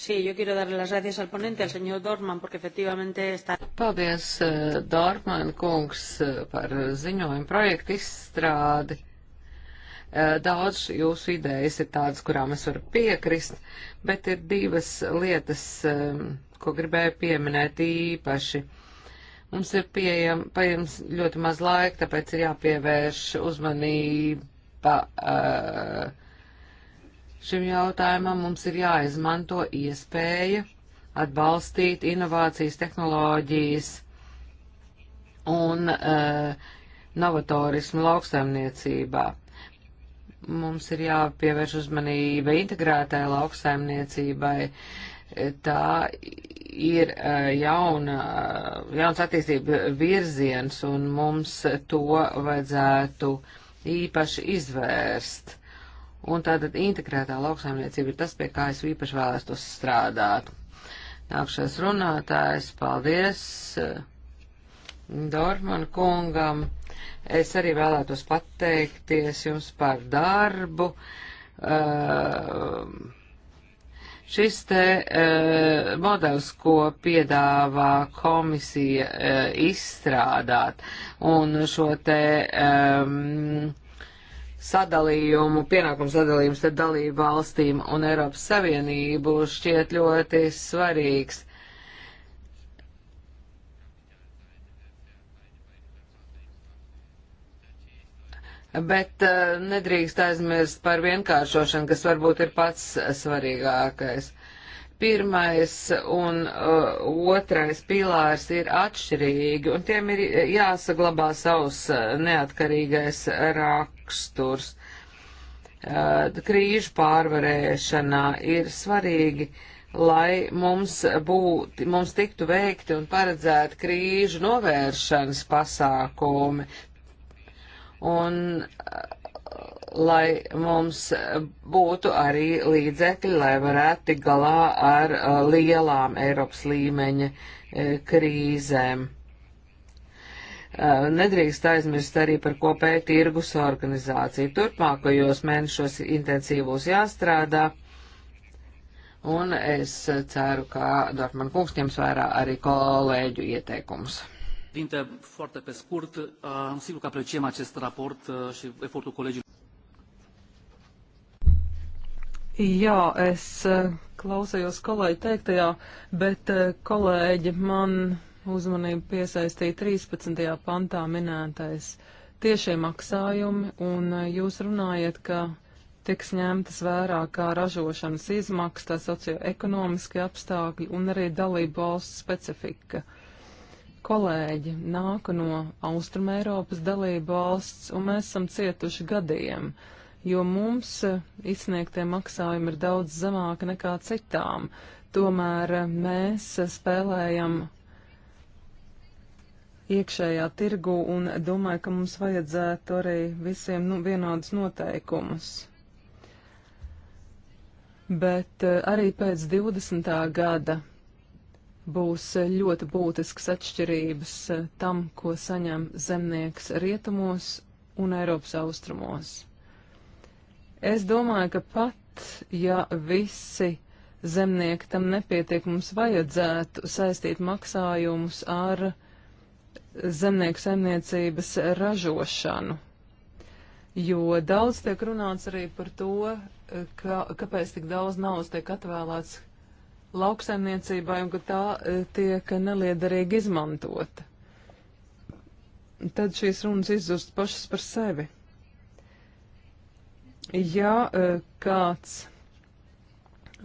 Sí, yo quiero darle las gracias al ponente, al señor Dorman, porque efectivamente está. Paldies, eh, Dorman kungs, eh, par ziņojumu projektu izstrādi. Eh, daudz jūsu idejas ir tādas, kurām es varu piekrist, bet ir divas lietas, ko gribēju pieminēt īpaši. Mums ir pieejams pieejam ļoti maz laika, tāpēc ir jāpievērš uzmanība. Uh, šim jautājumam, mums ir jāizmanto iespēja atbalstīt inovācijas tehnoloģijas un uh, novatorismu lauksaimniecībā. Mums ir jāpievērš uzmanība integrētai lauksaimniecībai. Tā ir uh, jauna, jauns attīstība virziens, un mums to vajadzētu īpaši izvērst. Un tātad integrētā lauksaimniecība ir tas, pie kā es īpaši vēlētos strādāt. Nākšais runātājs, paldies eh, Dorman kungam. Es arī vēlētos pateikties jums par darbu. Uh, šis te uh, modelis, ko piedāvā komisija uh, izstrādāt, un šo te um, sadalījumu, pienākumu sadalījums starp dalību valstīm un Eiropas Savienību šķiet ļoti svarīgs. Bet uh, nedrīkst aizmirst par vienkāršošanu, kas varbūt ir pats svarīgākais. Uh, pirmais un uh, otrais pilārs ir atšķirīgi, un tiem ir jāsaglabā savs uh, neatkarīgais raksturs. Uh, krīžu pārvarēšanā ir svarīgi, lai mums, būt, mums tiktu veikti un paredzēti krīžu novēršanas pasākumi. Un uh, lai mums būtu arī līdzekļi, lai varētu tik galā ar uh, lielām Eiropas līmeņa uh, krīzēm. Uh, nedrīkst aizmirst arī par kopēju tirgus organizāciju. Turpmākajos mēnešos intensīvos jāstrādā, un es ceru, ka Dortman kungs ņems vērā arī kolēģu ieteikumus. Dinte, foarte pe scurt, sigur că apreciem acest raport și efortul colegilor. Jā, es e, klausījos kolēģi teiktajā, bet e, kolēģi man uzmanību piesaistīja 13. pantā minētais tiešie maksājumi, un e, jūs runājat, ka tiks ņemtas vērā kā ražošanas izmaksas, tā socioekonomiskie apstākļi un arī dalību valsts specifika. Kolēģi nāku no Austrumēropas dalību valsts, un mēs esam cietuši gadiem. Uh, jo mums eh, izsniegtie maksājumi ir daudz zemāki nekā citām. Tomēr eh, mēs eh, spēlējam iekšējā tirgu un domāju, ka mums vajadzētu arī visiem nu, vienādus noteikumus. Bet arī pēc 20. gada būs ļoti būtisks atšķirības tam, ko saņem zemnieks rietumos un Eiropas austrumos. Es domāju, ka pat, ja visi zemnieki tam nepietiek, mums vajadzētu saistīt maksājumus ar zemnieku saimniecības ražošanu. Jo daudz tiek runāts arī par to, ka, kāpēc tik daudz naudas tiek atvēlēts lauksaimniecībai un ka tā e, tiek neliederīgi izmantota. Tad šīs runas izzust pašas par sevi. Ja e, kāds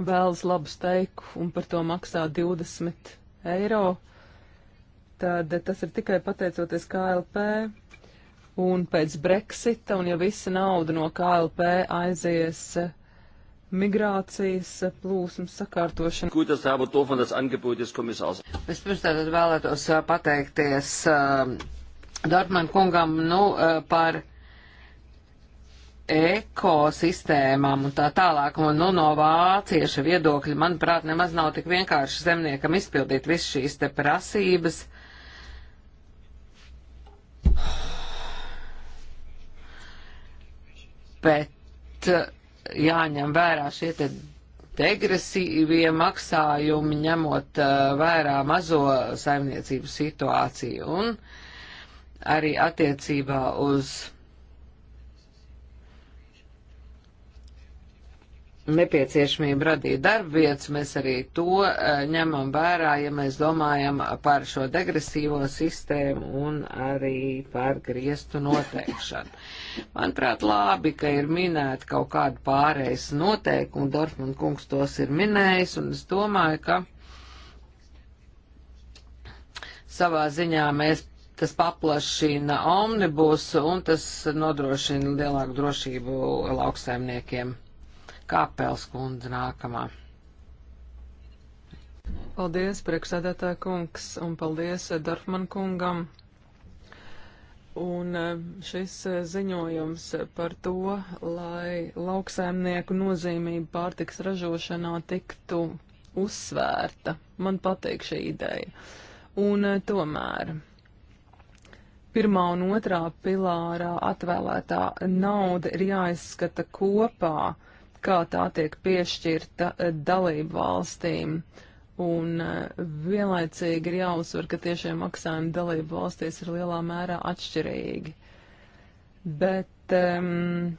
vēlas labu steiku un par to maksā 20 eiro, tad tas ir tikai pateicoties KLP. Un pēc Brexita, un ja visa nauda no KLP aizies migrācijas plūsmas sakārtošana. Gut, dass Herr Dorf un das Angebot des Kommissars. Vispirms tātad vēlētos pateikties uh, Dortmann kungam nu, uh, par ekosistēmām un tā tālāk. Un, nu, no vācieša viedokļa, manuprāt, nemaz nav tik vienkārši zemniekam izpildīt visu šīs te prasības. Bet eh, jāņem vērā šie te degresīvie maksājumi, ņemot eh, vērā mazo saimniecību situāciju un arī attiecībā uz nepieciešamību radīt darbvietas, mēs arī to eh, ņemam vērā, ja mēs domājam par šo degresīvo sistēmu un arī par griestu noteikšanu. Manuprāt, labi, ka ir minēta kaut kāda pārējais noteikuma, Dorfman kungs tos ir minējis, un es domāju, ka savā ziņā mēs tas paplašina omnibus un tas nodrošina lielāku drošību lauksaimniekiem. Kāpels kundze nākamā. Paldies, priekšsēdētāja kungs, un paldies eh, Dorfman kungam. Un eh, šis eh, ziņojums par to, lai lauksēmnieku nozīmība pārtiks ražošanā tiktu uzsvērta. Man patīk šī ideja. Un tomēr pirmā un otrā pilārā atvēlētā nauda ir jāizskata kopā kā tā tiek piešķirta eh, dalību valstīm. Un eh, vienlaicīgi ir jāuzsver, ka tiešie maksājumi dalību valstīs ir lielā mērā atšķirīgi. Bet um,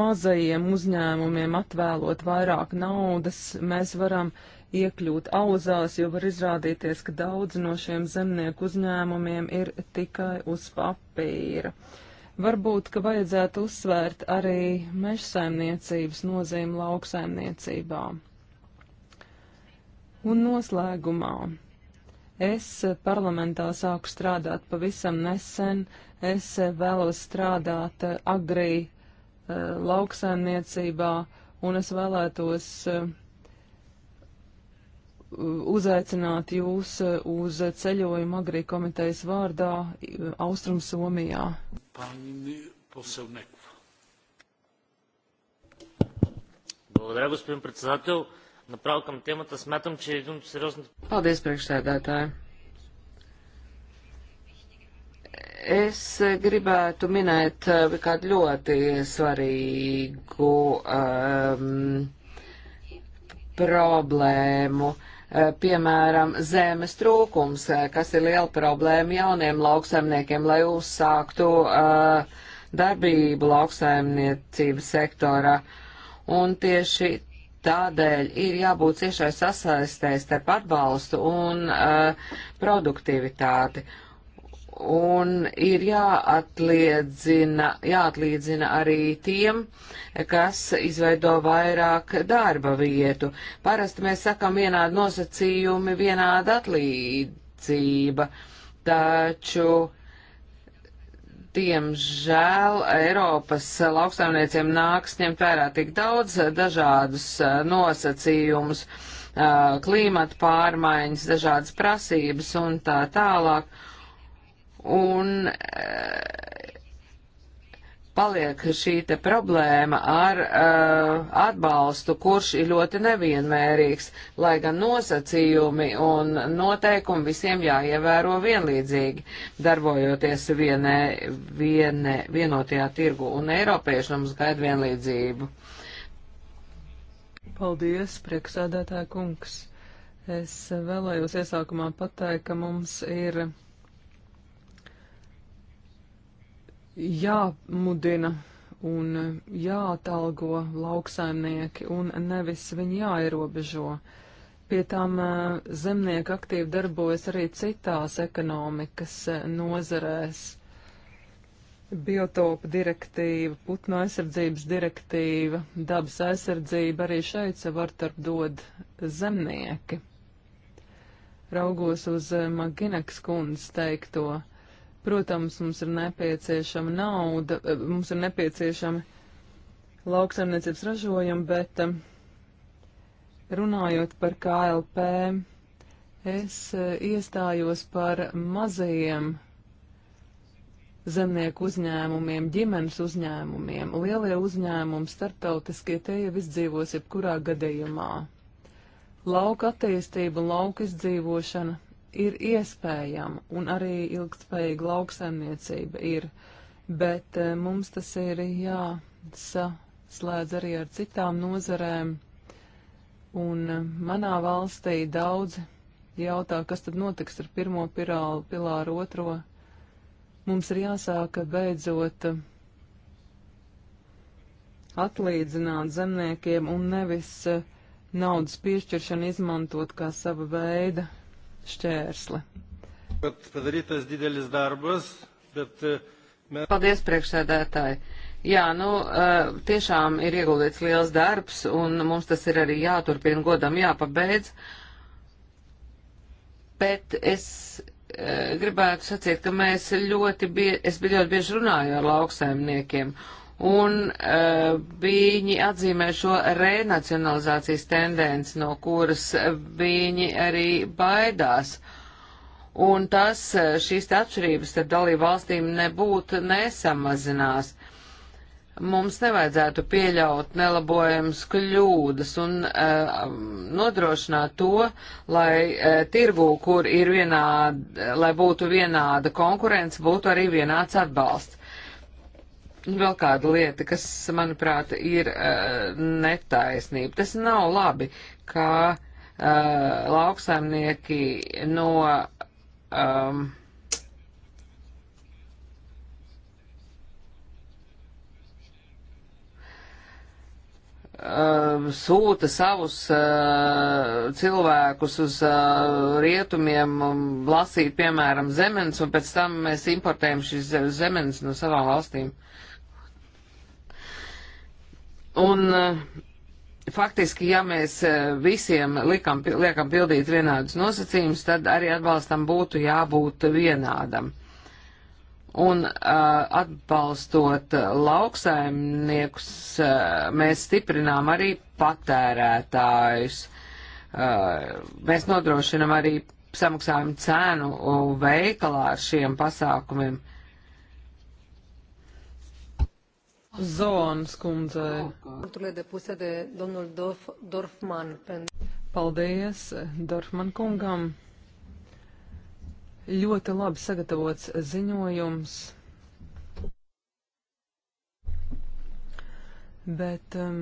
mazajiem uzņēmumiem atvēlot vairāk naudas, mēs varam iekļūt auzās, jo var izrādīties, ka daudz no šiem zemnieku uzņēmumiem ir tikai uz papīra. Uh, Varbūt, ka vajadzētu uzsvērt arī mežsaimniecības nozīmi lauksaimniecībā. Un noslēgumā. Es parlamentā sāku strādāt pavisam nesen. Es vēlos strādāt agrī eh, lauksaimniecībā, un es vēlētos uh, uzaicināt jūs uh, uz ceļojumu Agrī komitejas vārdā uh, Austrum Somijā. Благодаря, господин председател. Направо към темата смятам, че е един от сериозните... Paldies, priekšsēdētāji. Es gribētu minēt uh, kādu ļoti svarīgu um, problēmu. Uh, Eh, piemēram, zemes trūkums, eh, kas ir liela problēma jauniem lauksaimniekiem, lai uzsāktu uh, darbību lauksaimniecības sektorā. Un tieši tādēļ ir jābūt ciešai sasaistē starp atbalstu un uh, produktivitāti. Uh, un ir jāatliedzina, jāatlīdzina arī tiem, kas izveido vairāk darba vietu. Parasti mēs sakam vienādi nosacījumi, vienāda atlīdzība, taču. Diemžēl Eiropas lauksaimnieciem nāks ņemt vērā tik daudz dažādus nosacījumus, klimata pārmaiņas, dažādas prasības un tā tālāk un eh, paliek šī te problēma ar uh, atbalstu, kurš ir ļoti nevienmērīgs, lai gan nosacījumi un noteikumi visiem jāievēro vienlīdzīgi, darbojoties vienē, vienē, vienotajā tirgu, un Eiropieši nu mums gaida vienlīdzību. Paldies, prieksēdētāja kungs. Es vēlējos iesākumā pateikt, ka mums ir jāmudina un jāatalgo lauksaimnieki un nevis viņi jāierobežo. Pie tām eh, zemnieki aktīvi darbojas arī citās ekonomikas eh, nozarēs. Biotopa direktīva, putnu aizsardzības direktīva, dabas aizsardzība arī šeit sev artarp dod zemnieki. Raugos uz eh, Maginekas kundzes teikto. Uh, Protams, mums ir nepieciešama nauda, eh, mums ir nepieciešama lauksaimniecības ražojumi, bet eh, runājot par KLP, es eh, iestājos par mazajiem zemnieku uzņēmumiem, ģimenes uzņēmumiem. Lielie uzņēmumi starptautiskie tie jau izdzīvos jebkurā gadījumā. Lauka attīstība un lauka izdzīvošana ir iespējama, un arī ilgspējīga lauksaimniecība ir, bet eh, mums tas ir jāslēdz arī ar citām nozarēm, un eh, manā valstī daudzi jautā, kas tad notiks ar pirmo pirālu, pilāru otro. Mums ir jāsāk beidzot eh, atlīdzināt zemniekiem un nevis naudas piešķiršanu izmantot kā sava veida šķērsli. Darbas, bet, e, mē... Paldies, priekšsēdētāji. Jā, nu, e, tiešām ir ieguldīts liels darbs, un mums tas ir arī jāturpina godam jāpabeidz. Bet es e, gribētu sacīt, ka mēs ļoti, bie, es ļoti bieži runāju ar lauksaimniekiem, un uh, viņi atzīmē šo renacionalizācijas tendenci, no kuras viņi arī baidās. Un tas eh, šīs atšķirības starp dalību valstīm nebūtu nesamazinās. Mums nevajadzētu pieļaut nelabojams kļūdas un uh, nodrošināt to, lai uh, tirgū, kur ir vienāda, lai būtu vienāda konkurence, būtu arī vienāds atbalsts. Un vēl kāda lieta, kas, manuprāt, ir uh, netaisnība. Tas nav labi, kā uh, eh, lauksaimnieki no. Um, Uh, sūta savus uh, cilvēkus uz uh, rietumiem um, lasīt, piemēram, zemenes, un pēc tam mēs importējam šīs zemenes no savām valstīm. Uh, Un eh, faktiski, ja mēs eh, visiem likam, liekam pildīt vienādus nosacījumus, tad arī atbalstam būtu jābūt vienādam. Un uh, atbalstot lauksaimniekus, uh, mēs stiprinām arī patērētājus. Uh, mēs nodrošinam arī samaksājumu cēnu veikalā ar šiem pasākumiem. Uh, Zoanas kundzei. Paldies Dorfman kungam. Ļoti labi sagatavots ziņojums. Bet um,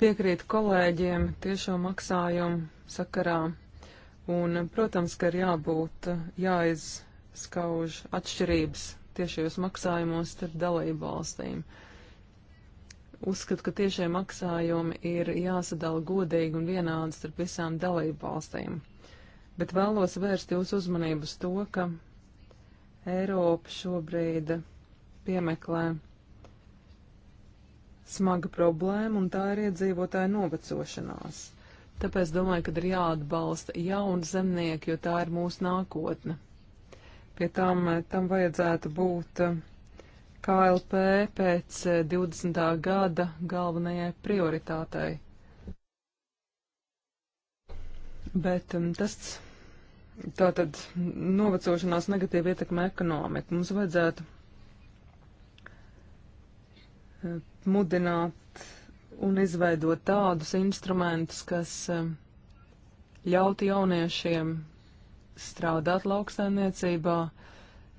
piekrīt kolēģiem tiešo maksājumu sakarā. Un, protams, ka ir jābūt, jāizskauž atšķirības tiešajos maksājumos starp dalību valstīm. Uh, Uzskatu, ka tiešie maksājumi ir jāsadala godīgi un vienādi starp visām dalību valstīm. Bet vēlos vērst jūsu uzmanību uz to, ka Eiropa šobrīd piemeklē smaga problēma, un tā ir iedzīvotāja novecošanās. Tāpēc domāju, ka ir jāatbalsta jauni zemnieki, jo tā ir mūsu nākotne. Pie tam tam vajadzētu būt uh, KLP pēc 20. Eh, gada galvenajai prioritātei. Bet tas tātad novecošanās negatīvi ietekmē ekonomiku. Mums vajadzētu eh, mudināt un izveidot tādus instrumentus, kas ļautu jauniešiem strādāt lauksaimniecībā,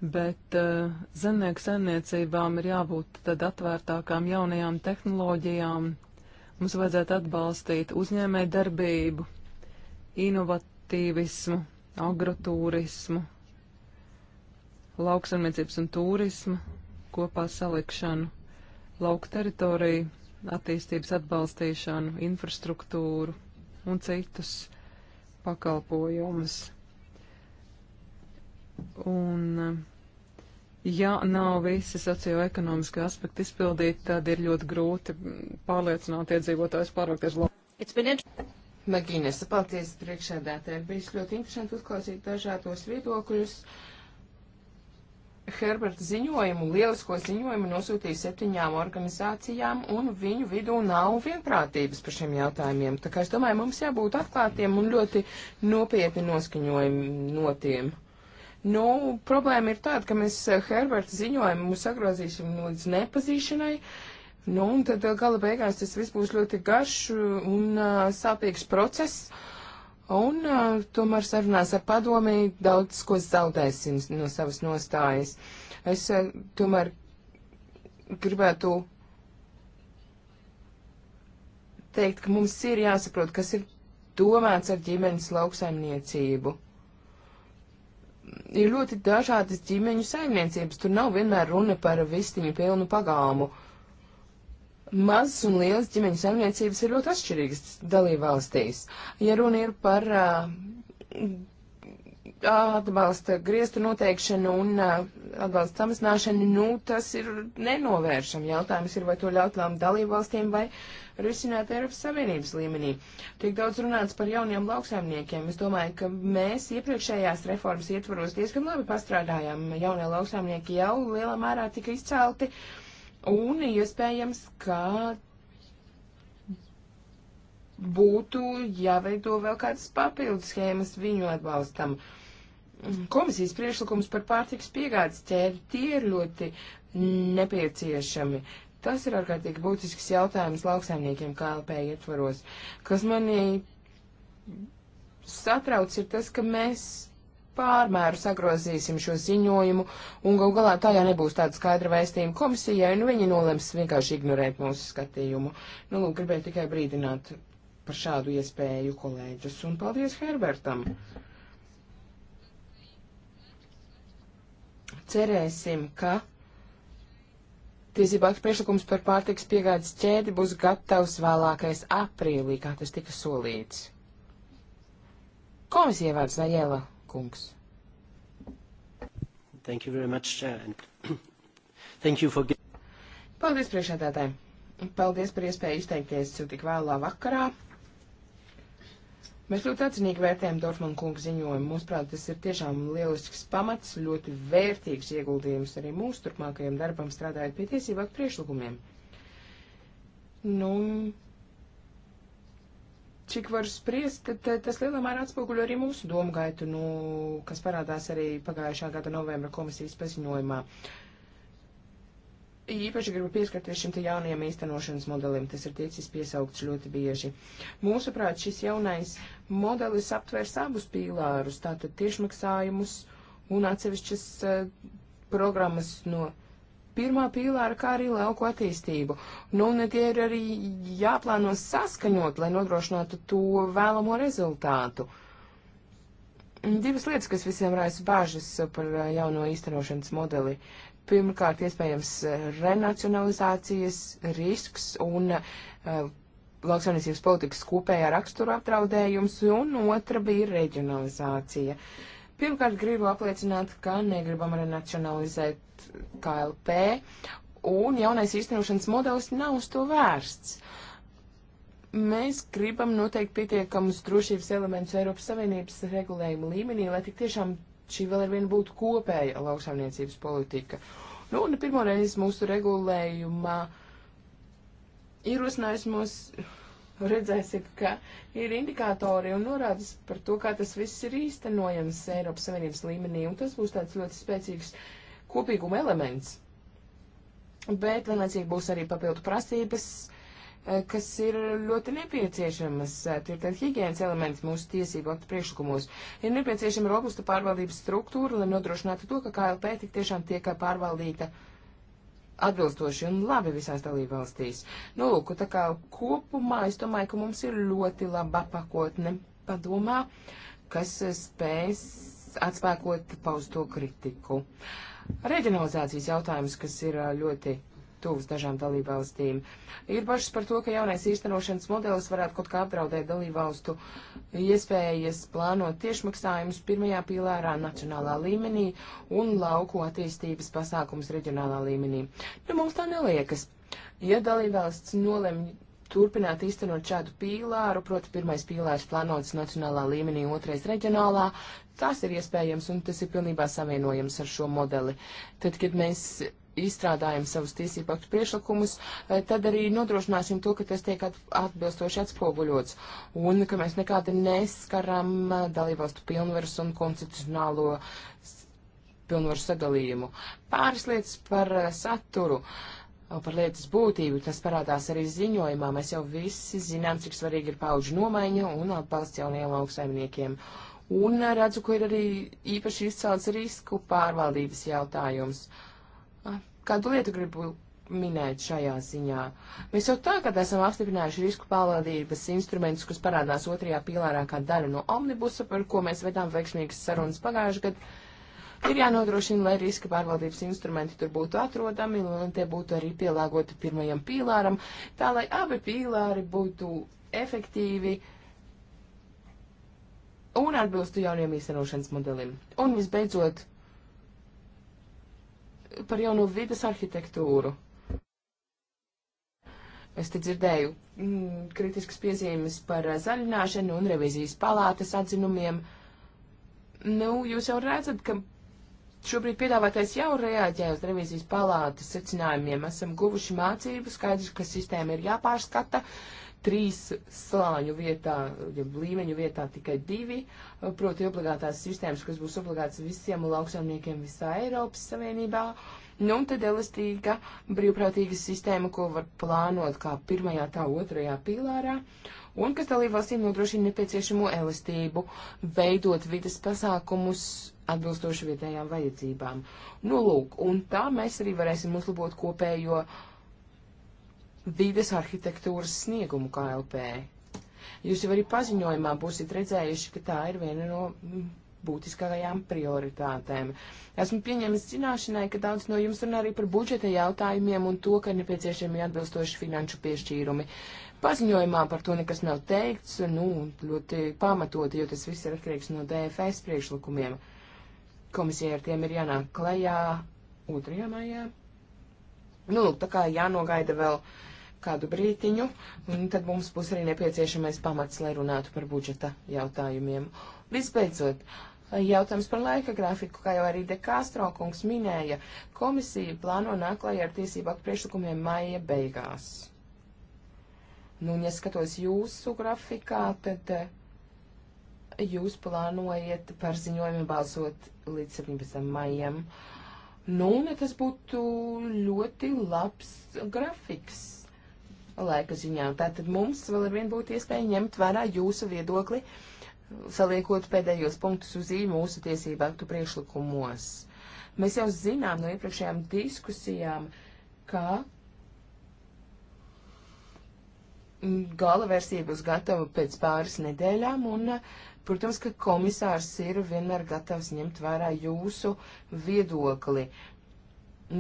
bet uh, zemnieku saimniecībām ir jābūt tad atvērtākām jaunajām tehnoloģijām. Mums vajadzētu atbalstīt uzņēmē darbību, inovatīvismu, agroturismu, lauksaimniecības un turismu kopā salikšanu, lauku teritoriju, attīstības atbalstīšanu, infrastruktūru un citus pakalpojumus. Un, ja nav visi socioekonomiskie aspekti izpildīti, tad ir ļoti grūti pārliecināt iedzīvotājus pārvākties labāk. Magīnes, paldies priekšādātē. Ir bijis ļoti interesanti uzklausīt dažādos viedokļus. Herberta ziņojumu, lielisko ziņojumu nosūtīja septiņām organizācijām, un viņu vidū nav vienprātības par šiem jautājumiem. Tā kā es domāju, mums jābūt atklātiem un ļoti nopietni noskaņojumi no tiem. Nu, problēma ir tāda, ka mēs eh, Herberta ziņojumu sagrozīsim līdz nepazīšanai. Nu, un tad eh, gala beigās tas viss būs ļoti garš eh, un uh, sāpīgs process. Un uh, tomēr sarunās ar padomi daudz ko zaudēsim no savas nostājas. Es uh, tomēr gribētu teikt, ka mums ir jāsaprot, kas ir domāts ar ģimenes lauksaimniecību ir ļoti dažādas ģimeņu saimniecības. Tur nav vienmēr runa par vistiņu pilnu pagāmu. Mazas un lielas ģimeņu saimniecības ir ļoti atšķirīgas dalībvalstīs. Ja runa ir par uh, atbalsta griestu noteikšanu un uh, atbalsta samazināšanu, nu tas ir nenovēršam. Jautājums ir, vai to ļaut lēm dalībvalstīm vai uh, risināt Eiropas Savienības līmenī. Tiek daudz runāts par jauniem lauksaimniekiem. Es domāju, ka mēs iepriekšējās reformas ietvaros diezgan labi pastrādājām. Jaunie lauksaimnieki jau lielā mērā tika izcelti. Un iespējams, ka būtu jāveido vēl kādas papildus schēmas viņu atbalstam. Komisijas priešlikums par pārtiks piegādes ķēdi tie ir ļoti nepieciešami. Tas ir ārkārtīgi būtisks jautājums lauksaimniekiem KLP ietvaros. Kas manī satrauc ir tas, ka mēs pārmēru sagrozīsim šo ziņojumu, un gal galā tā jau nebūs tāda skaidra vēstījuma komisijai, un viņi nolems vienkārši ignorēt mūsu skatījumu. Nu, lūk, gribēju tikai brīdināt par šādu iespēju kolēģus, un paldies Herbertam! Cerēsim, ka Tiesībā priekšlikums par pārtiks piegādes ķēdi būs gatavs vēlākais aprīlī, kā tas tika solīts. Komisija vārds Naiela kungs. Thank you very much. And thank you for... Paldies priekšētētājiem. Paldies par iespēju izteikties tik vēlā vakarā. Mēs ļoti atzinīgi vērtējam Dorfmanu kungu ziņojumu. Mūsuprāt, tas ir tiešām lielisks pamats, ļoti vērtīgs ieguldījums arī mūsu turpmākajam darbam strādājot pie tiesību aktu priešlikumiem. Nu, cik var spriest, tad, tad tas lielā mērā atspoguļo arī mūsu domgaitu, nu, kas parādās arī pagājušā gada novembra komisijas paziņojumā. Uh, īpaši gribu pieskarties šim te jaunajam īstenošanas modelim, tas ir tiecis piesaukts ļoti bieži. Mūsuprāt, šis jaunais modelis aptvērs abus pīlārus, tātad tiešmaksājumus un atsevišķas uh, programmas no pirmā pīlāra, kā arī lauku attīstību. Nu, un tie ir arī jāplāno saskaņot, lai nodrošinātu to vēlamo rezultātu. Divas lietas, kas visiem raisa bāžas par eh, jauno īstenošanas modeli. Pirmkārt, iespējams renacionalizācijas risks un uh, lauksaimniecības politikas kopējā rakstura apdraudējums, un otra bija reģionalizācija. Pirmkārt, gribu apliecināt, ka negribam renacionalizēt KLP, un jaunais īstenošanas modelis nav uz to vērsts. Mēs gribam noteikt pietiekamus drošības elementus Eiropas Savienības regulējuma līmenī, lai tik tiešām šī vēl ar vienu būtu kopēja lauksaimniecības politika. Nu, un pirmoreiz mūsu regulējumā ierosinājumos redzēsiet, ka ir indikātori un norādes par to, kā tas viss ir īstenojams Eiropas Savienības līmenī, un tas būs tāds ļoti spēcīgs kopīguma elements. Bet vienlaicīgi būs arī papildu prasības Eh, kas ir ļoti nepieciešamas. Eh, Tur tad higiēnas elements mūsu tiesību aktu priekšlikumos. Ir nepieciešama robusta pārvaldības struktūra, lai nodrošinātu to, ka KLP tik tiešām tiek eh, pārvaldīta atbilstoši un labi visās dalību valstīs. Nu, lūk, tā kā kopumā es domāju, ka mums ir ļoti laba pakotne padomā, kas spēs atspēkot pausto kritiku. Reģionalizācijas jautājums, kas ir ļoti tuvs dažām dalībvalstīm. Ir bažas par to, ka jaunais īstenošanas modelis varētu kaut kā apdraudēt dalībvalstu iespējas plānot tiešmaksājumus pirmajā pīlārā nacionālā līmenī un lauku attīstības pasākums reģionālā līmenī. Nu, mums tā neliekas. Ja dalībvalsts nolemj turpināt īstenot šādu pīlāru, proti pirmais pīlārs plānots nacionālā līmenī, otrais reģionālā, tas ir iespējams un tas ir pilnībā savienojams ar šo modeli. Tad, kad mēs izstrādājam savus tiesību aktu priešlikumus, eh, tad arī nodrošināsim to, ka tas tiek atbilstoši atspoguļots un ka mēs nekādi neskaram eh, dalībvalstu pilnvaras un konstitucionālo pilnvaru sadalījumu. Pāris lietas par eh, saturu. Par lietas būtību tas parādās arī ziņojumā. Mēs jau visi zinām, cik svarīgi ir paudžu nomaiņa un atbalsts jauniem lauksaimniekiem. Un redzu, ka ir arī īpaši izcelts risku pārvaldības jautājums. Uh, Kādu lietu gribu minēt šajā ziņā. Mēs jau tagad esam apstiprinājuši risku pārvaldības instrumentus, kas parādās otrajā pīlārā kā daļa no omnibusa, par ko mēs vedām veiksmīgas sarunas pagājušajā gadā. Ir jānodrošina, lai riska pārvaldības instrumenti tur būtu atrodami, un tie būtu arī pielāgoti pirmajam pīlāram, tā lai abi pīlāri būtu efektīvi un atbilstu jauniem īstenošanas modelim. Un visbeidzot, par jauno vides arhitektūru. Es te dzirdēju mm, kritiskas piezīmes par zaļināšanu un revizijas palātes atzinumiem. Nu, jūs jau redzat, ka šobrīd piedāvātais jau reaģē uz revizijas palātas secinājumiem. Esam guvuši mācību, skaidrs, ka sistēma ir jāpārskata. Uh, trīs slāņu vietā, ja līmeņu vietā tikai divi, proti obligātās sistēmas, kas būs obligātas visiem lauksaimniekiem visā Eiropas Savienībā. Nu, un tad elastīga brīvprātīga sistēma, ko var plānot kā pirmajā, tā otrajā pīlārā, un kas dalībvalstīm nodrošina nepieciešamo elastību, veidot vidas pasākumus atbilstoši vietējām vajadzībām. Nu, lūk, un tā mēs arī varēsim uzlabot kopējo uh, vides arhitektūras sniegumu KLP. Jūs jau arī paziņojumā būsiet redzējuši, ka tā ir viena no mm, būtiskākajām prioritātēm. Esmu pieņēmis zināšanai, ka daudz no jums runā arī par budžeta jautājumiem un to, ka ir nepieciešami atbilstoši finanšu piešķīrumi. Paziņojumā par to nekas nav teikts, nu, ļoti pamatoti, jo tas viss ir atkarīgs no DFS priekšlikumiem. Komisija ar tiem ir jānāk klajā 2. maijā. Nu, tā kā jānogaida vēl uh, kādu brītiņu, un tad mums būs arī nepieciešamais pamats, lai runātu par budžeta jautājumiem. Visbeidzot, jautājums par laika grafiku, kā jau arī Dekāstro kungs minēja, komisija plāno nāklājā ar tiesību aktu priekšlikumiem maija beigās. Nu, un ja skatos jūsu grafikā, tad eh, jūs plānojat par ziņojumu balsot līdz 17. maijam. Nu, un tas būtu ļoti labs grafiks laika ziņā. Tātad mums vēl ar vienu būtu iespēja ņemt vērā jūsu viedokli, saliekot pēdējos punktus uz īmu mūsu tiesību aktu priekšlikumos. Mēs jau zinām no iepriekšējām diskusijām, ka gala versija būs gatava pēc pāris nedēļām, un, protams, ka komisārs ir vienmēr gatavs ņemt vērā jūsu viedokli,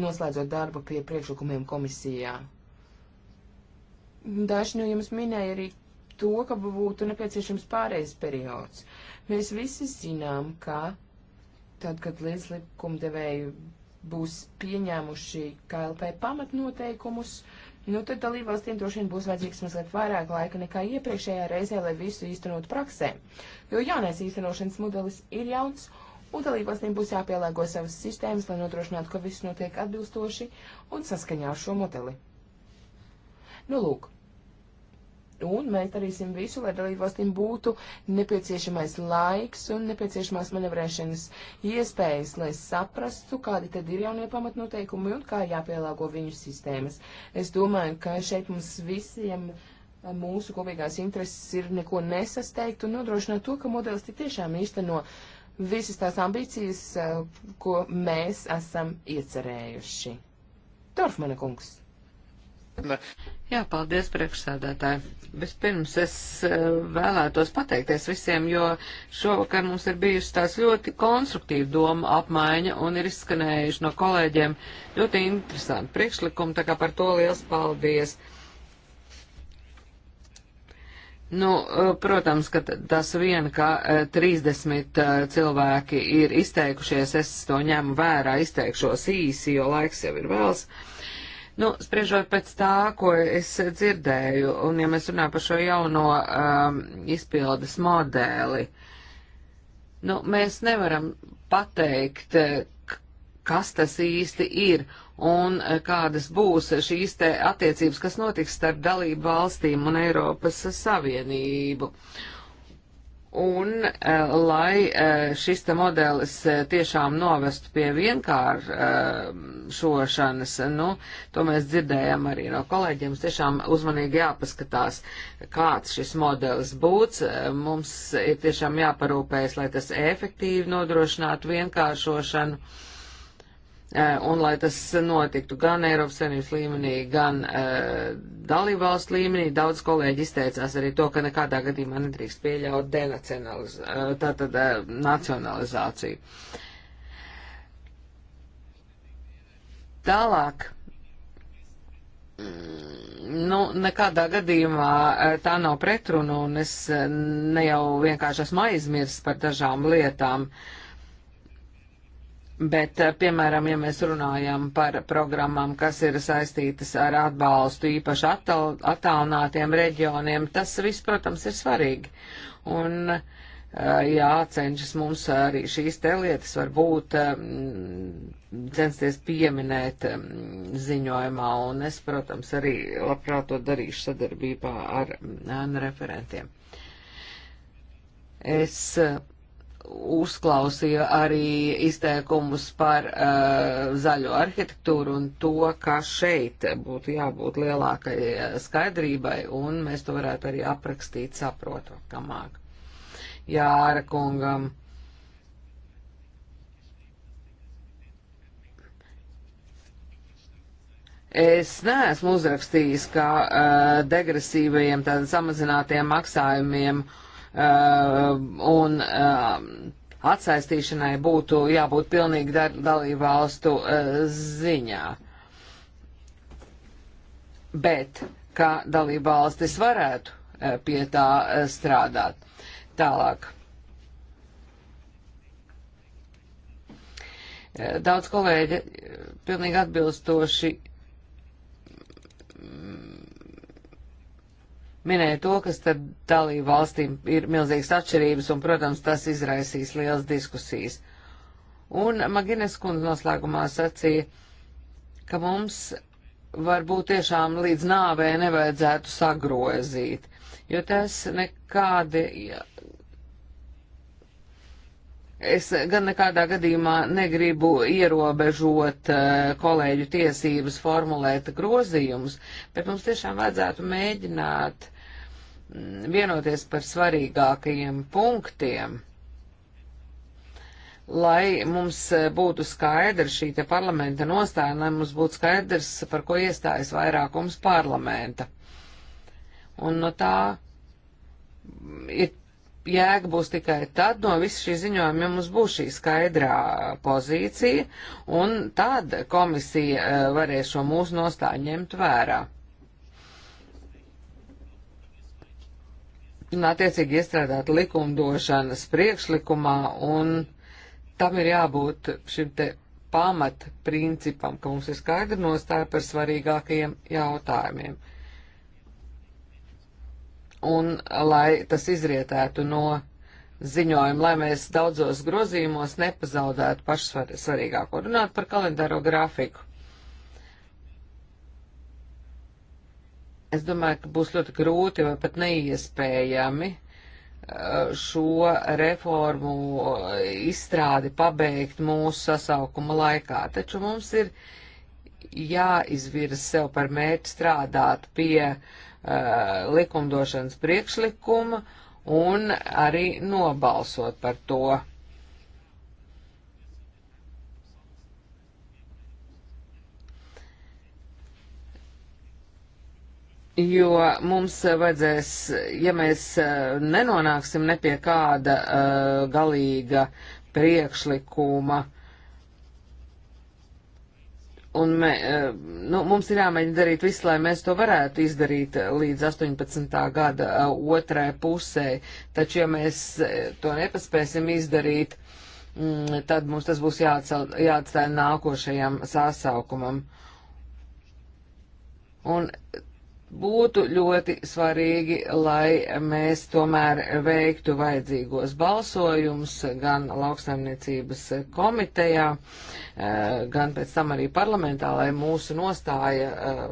noslēdzot darbu pie priekšlikumiem komisijā. Dažs no jums minēja arī to, ka būtu nepieciešams pārējais periods. Mēs visi zinām, ka tad, kad līdzlikumdevēju būs pieņēmuši KLP pamatnoteikumus, nu tad dalībvalstīm droši vien būs vajadzīgs mazliet vairāk laika nekā iepriekšējā reizē, lai visu īstenot praksē. Jo jaunais īstenošanas modelis ir jauns, un dalībvalstīm būs jāpielāgo savas sistēmas, lai nodrošinātu, ka viss notiek atbilstoši un saskaņā ar šo modeli. Nu lūk, Un mēs darīsim visu, lai dalībvalstīm būtu nepieciešamais laiks un nepieciešamās manevrēšanas iespējas, lai saprastu, kādi tad ir jaunie pamatnoteikumi un kā jāpielāgo viņu sistēmas. Es domāju, ka šeit mums visiem eh, mūsu kopīgās intereses ir neko nesasteigt un nodrošināt to, ka modelis tik tiešām īsteno visas tās ambīcijas, eh, ko mēs esam iecerējuši. Dorfmana kungs. Jā, paldies priekšsēdētāji. Vispirms es eh, vēlētos pateikties visiem, jo šovakar mums ir bijusi tās ļoti konstruktīva doma apmaiņa un ir izskanējuši no kolēģiem ļoti interesanti priekšlikumi, tā kā par to liels paldies. Nu, eh, protams, ka tas vien, ka 30 eh, cilvēki ir izteikušies, es to ņemu vērā, izteikšos īsi, jo laiks jau ir vēls. Uh, Nu, spriežot pēc tā, ko es dzirdēju, un ja mēs runājam par šo jauno um, izpildes modeli, nu, mēs nevaram pateikt, eh, kas tas īsti ir un eh, kādas būs šīs te attiecības, kas notiks starp dalību valstīm un Eiropas Savienību. Uh, Un, eh, lai eh, šis te modelis eh, tiešām novestu pie vienkāršošanas, nu, to mēs dzirdējam arī no kolēģiem, mums tiešām uzmanīgi jāpaskatās, kāds šis modelis būs. Mums ir tiešām jāparūpējas, lai tas efektīvi nodrošinātu vienkāršošanu Eh, un lai tas notiktu gan Eiropas Savienības līmenī, gan uh, dalībvalstu līmenī, daudz kolēģi izteicās arī to, ka nekādā gadījumā nedrīkst pieļaut denacionalizāciju, eh, tātad uh, nacionalizāciju. Tālāk. Mm, nu, nekādā gadījumā tā nav pretruna, un es ne jau vienkārši esmu aizmirsts par dažām lietām. Uh, Bet, eh, piemēram, ja mēs runājam par programmām, kas ir saistītas ar atbalstu īpaši attālinātiem reģioniem, tas viss, protams, ir svarīgi. Un eh, jācenšas mums arī šīs te lietas varbūt eh, censties pieminēt ziņojumā, un es, protams, arī labprāt to darīšu sadarbībā ar referentiem. Es. Uh, uzklausīja arī izteikumus par uh, zaļo arhitektūru un to, ka šeit būtu jābūt lielākai eh, skaidrībai, un mēs to varētu arī aprakstīt saprotamāk. Jā, Āra kungam. Es neesmu uzrakstījis, ka uh, degresīvajiem, tātad samazinātiem maksājumiem uh, Uh, un uh, atsaistīšanai būtu jābūt pilnīgi dalību valstu uh, ziņā. Bet, kā dalību valstis varētu pie tā strādāt. Tālāk. Daudz kolēģi pilnīgi atbilstoši minēja to, kas tad dalību valstīm ir milzīgas atšķirības, un, protams, tas izraisīs liels diskusijas. Un Magines kundze noslēgumā sacīja, ka mums varbūt tiešām līdz nāvē nevajadzētu sagrozīt, jo tas nekādi Es gan nekādā gadījumā negribu ierobežot eh, kolēģu tiesības formulēt grozījumus, bet mums tiešām vajadzētu mēģināt vienoties par svarīgākajiem punktiem, lai mums būtu skaidra šī te parlamenta nostāja, lai mums būtu skaidrs, par ko iestājas vairākums parlamenta. Un no tā ir jēga būs tikai tad no visa šī ziņojuma, ja mums būs šī skaidrā pozīcija, un tad komisija eh, varēs šo mūsu nostāju ņemt vērā. un attiecīgi iestrādāt likumdošanas priekšlikumā, un tam ir jābūt šim te pamat principam, ka mums ir skaidra nostāja par svarīgākajiem jautājumiem. Un lai tas izrietētu no ziņojumu, lai mēs daudzos grozījumos nepazaudētu pašsvarīgāko. Runāt par kalendāro grafiku. Es domāju, ka būs ļoti grūti vai pat neiespējami uh, šo reformu uh, izstrādi pabeigt mūsu sasaukuma laikā. Taču mums ir jāizvirza sev par mērķi strādāt pie uh, likumdošanas priekšlikuma un arī nobalsot par to. jo mums vajadzēs, ja mēs e, nenonāksim ne pie kāda uh, galīga priekšlikuma, un me, uh, nu, mums ir jāmēģina darīt visu, lai mēs to varētu izdarīt līdz 18. gada uh, otrai pusē, taču ja mēs to nepaspēsim izdarīt, mm, tad mums tas būs jāatsal, jāatstāja nākošajam sasaukumam. Un būtu ļoti svarīgi, lai mēs tomēr veiktu vajadzīgos balsojumus gan lauksaimniecības komitejā, eh, gan pēc tam arī parlamentā, lai mūsu nostāja eh,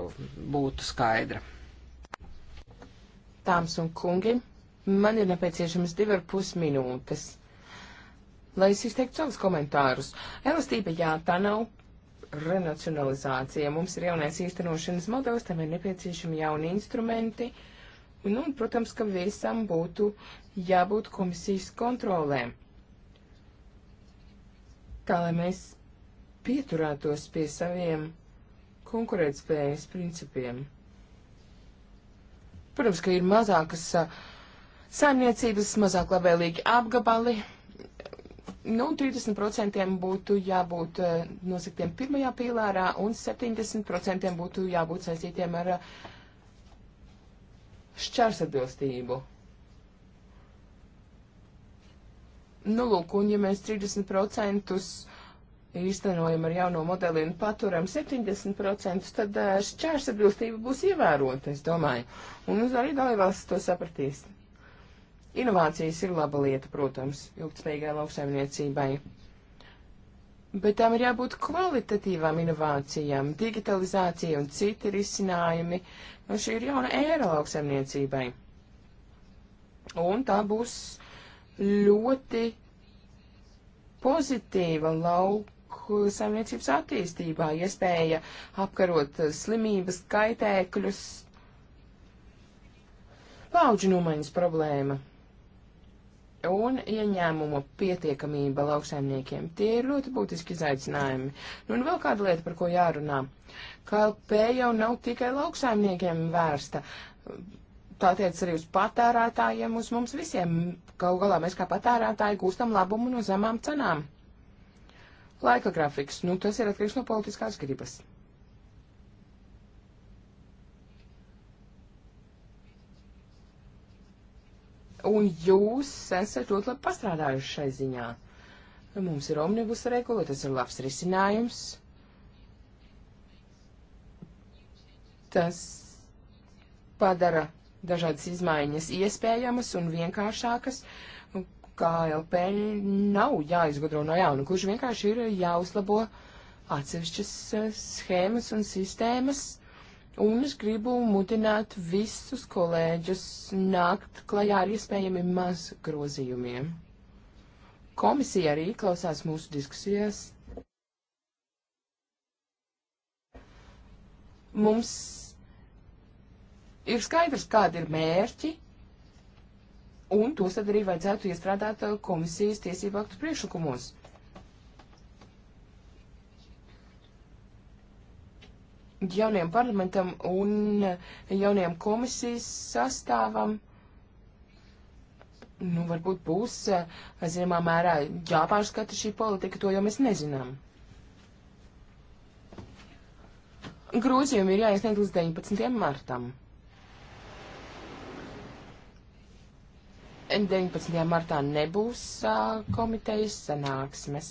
būtu skaidra. Tāms un kungi, man ir nepieciešamas divi ar pus minūtes. Lai es izteiktu savus komentārus. Elastība, jā, tā nav renacionalizācija. Mums ir jaunais īstenošanas modelis, tam ir nepieciešami jauni instrumenti. Un, nu, un, protams, ka visam būtu jābūt komisijas kontrolēm. Tā lai mēs pieturētos pie saviem konkurētspējas principiem. Protams, ka ir mazākas saimniecības, mazāk labvēlīgi apgabali, Nu, 30% būtu jābūt eh, nosaktiem pirmajā pīlārā un 70% būtu jābūt saistītiem ar eh, šķērs atbilstību. Nu, lūk, un ja mēs 30% īstenojam ar jauno modeli un paturam 70%, tad eh, šķērs atbilstība būs ievērota, es domāju. Un arī dalībvalsts to sapratīs. Inovācijas ir laba lieta, protams, ilgtspējīgai lauksaimniecībai. Bet tam ir jābūt kvalitatīvām inovācijām, digitalizācija un citi risinājumi. Nu, šī ir jauna ēra lauksaimniecībai. Un tā būs ļoti pozitīva lauku saimniecības attīstībā, iespēja apkarot slimības, kaitēkļus, paudžu nomaiņas problēma un ieņēmumu pietiekamība lauksaimniekiem. Tie ir ļoti būtiski izaicinājumi. Nu, un vēl kāda lieta, par ko jārunā. KLP jau nav tikai lauksaimniekiem vērsta. Tā tiec arī uz patērētājiem, uz mums visiem. Galu galā mēs kā patērētāji gūstam labumu no zemām cenām. Laika grafiks, nu tas ir atkarīgs no politiskās gribas. un jūs esat ļoti labi pastrādājuši šai ziņā. Mums ir omnibus regula, tas ir labs risinājums. Tas padara dažādas izmaiņas iespējamas un vienkāršākas. KLP nav jāizgudro no jauna, kurš vienkārši ir jāuzlabo atsevišķas eh, schēmas un sistēmas Un es gribu mudināt visus kolēģus nākt klajā ar iespējami maz grozījumiem. Komisija arī klausās mūsu diskusijās. Mums ir skaidrs, kādi ir mērķi, un tos tad arī vajadzētu iestrādāt komisijas tiesību aktu priekšlikumos. jaunajam parlamentam un jaunajam komisijas sastāvam. Nu, varbūt būs, eh, zināmā mērā, jāpārskata šī politika, to jau mēs nezinām. Grūzījumi ir jāiesniedz līdz 19. martam. 19. martā nebūs uh, komitejas sanāksmes.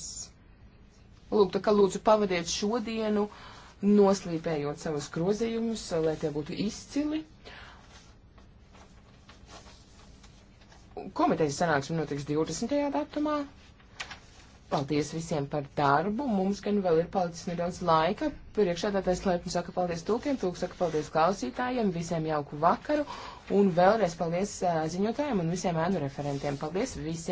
Lūk, tā kā lūdzu pavadiet šo dienu uh, noslīpējot savus grozījumus, lai tie būtu izcili. Komitejas sanāksme notiks 20. datumā. Paldies visiem par darbu. Mums gan vēl ir palicis nedaudz laika. Priekšādātais laipni saka paldies tūkiem, tūk saka paldies klausītājiem, visiem jauku vakaru. Un vēlreiz paldies ziņotājiem un visiem ēnu referentiem. Paldies visiem!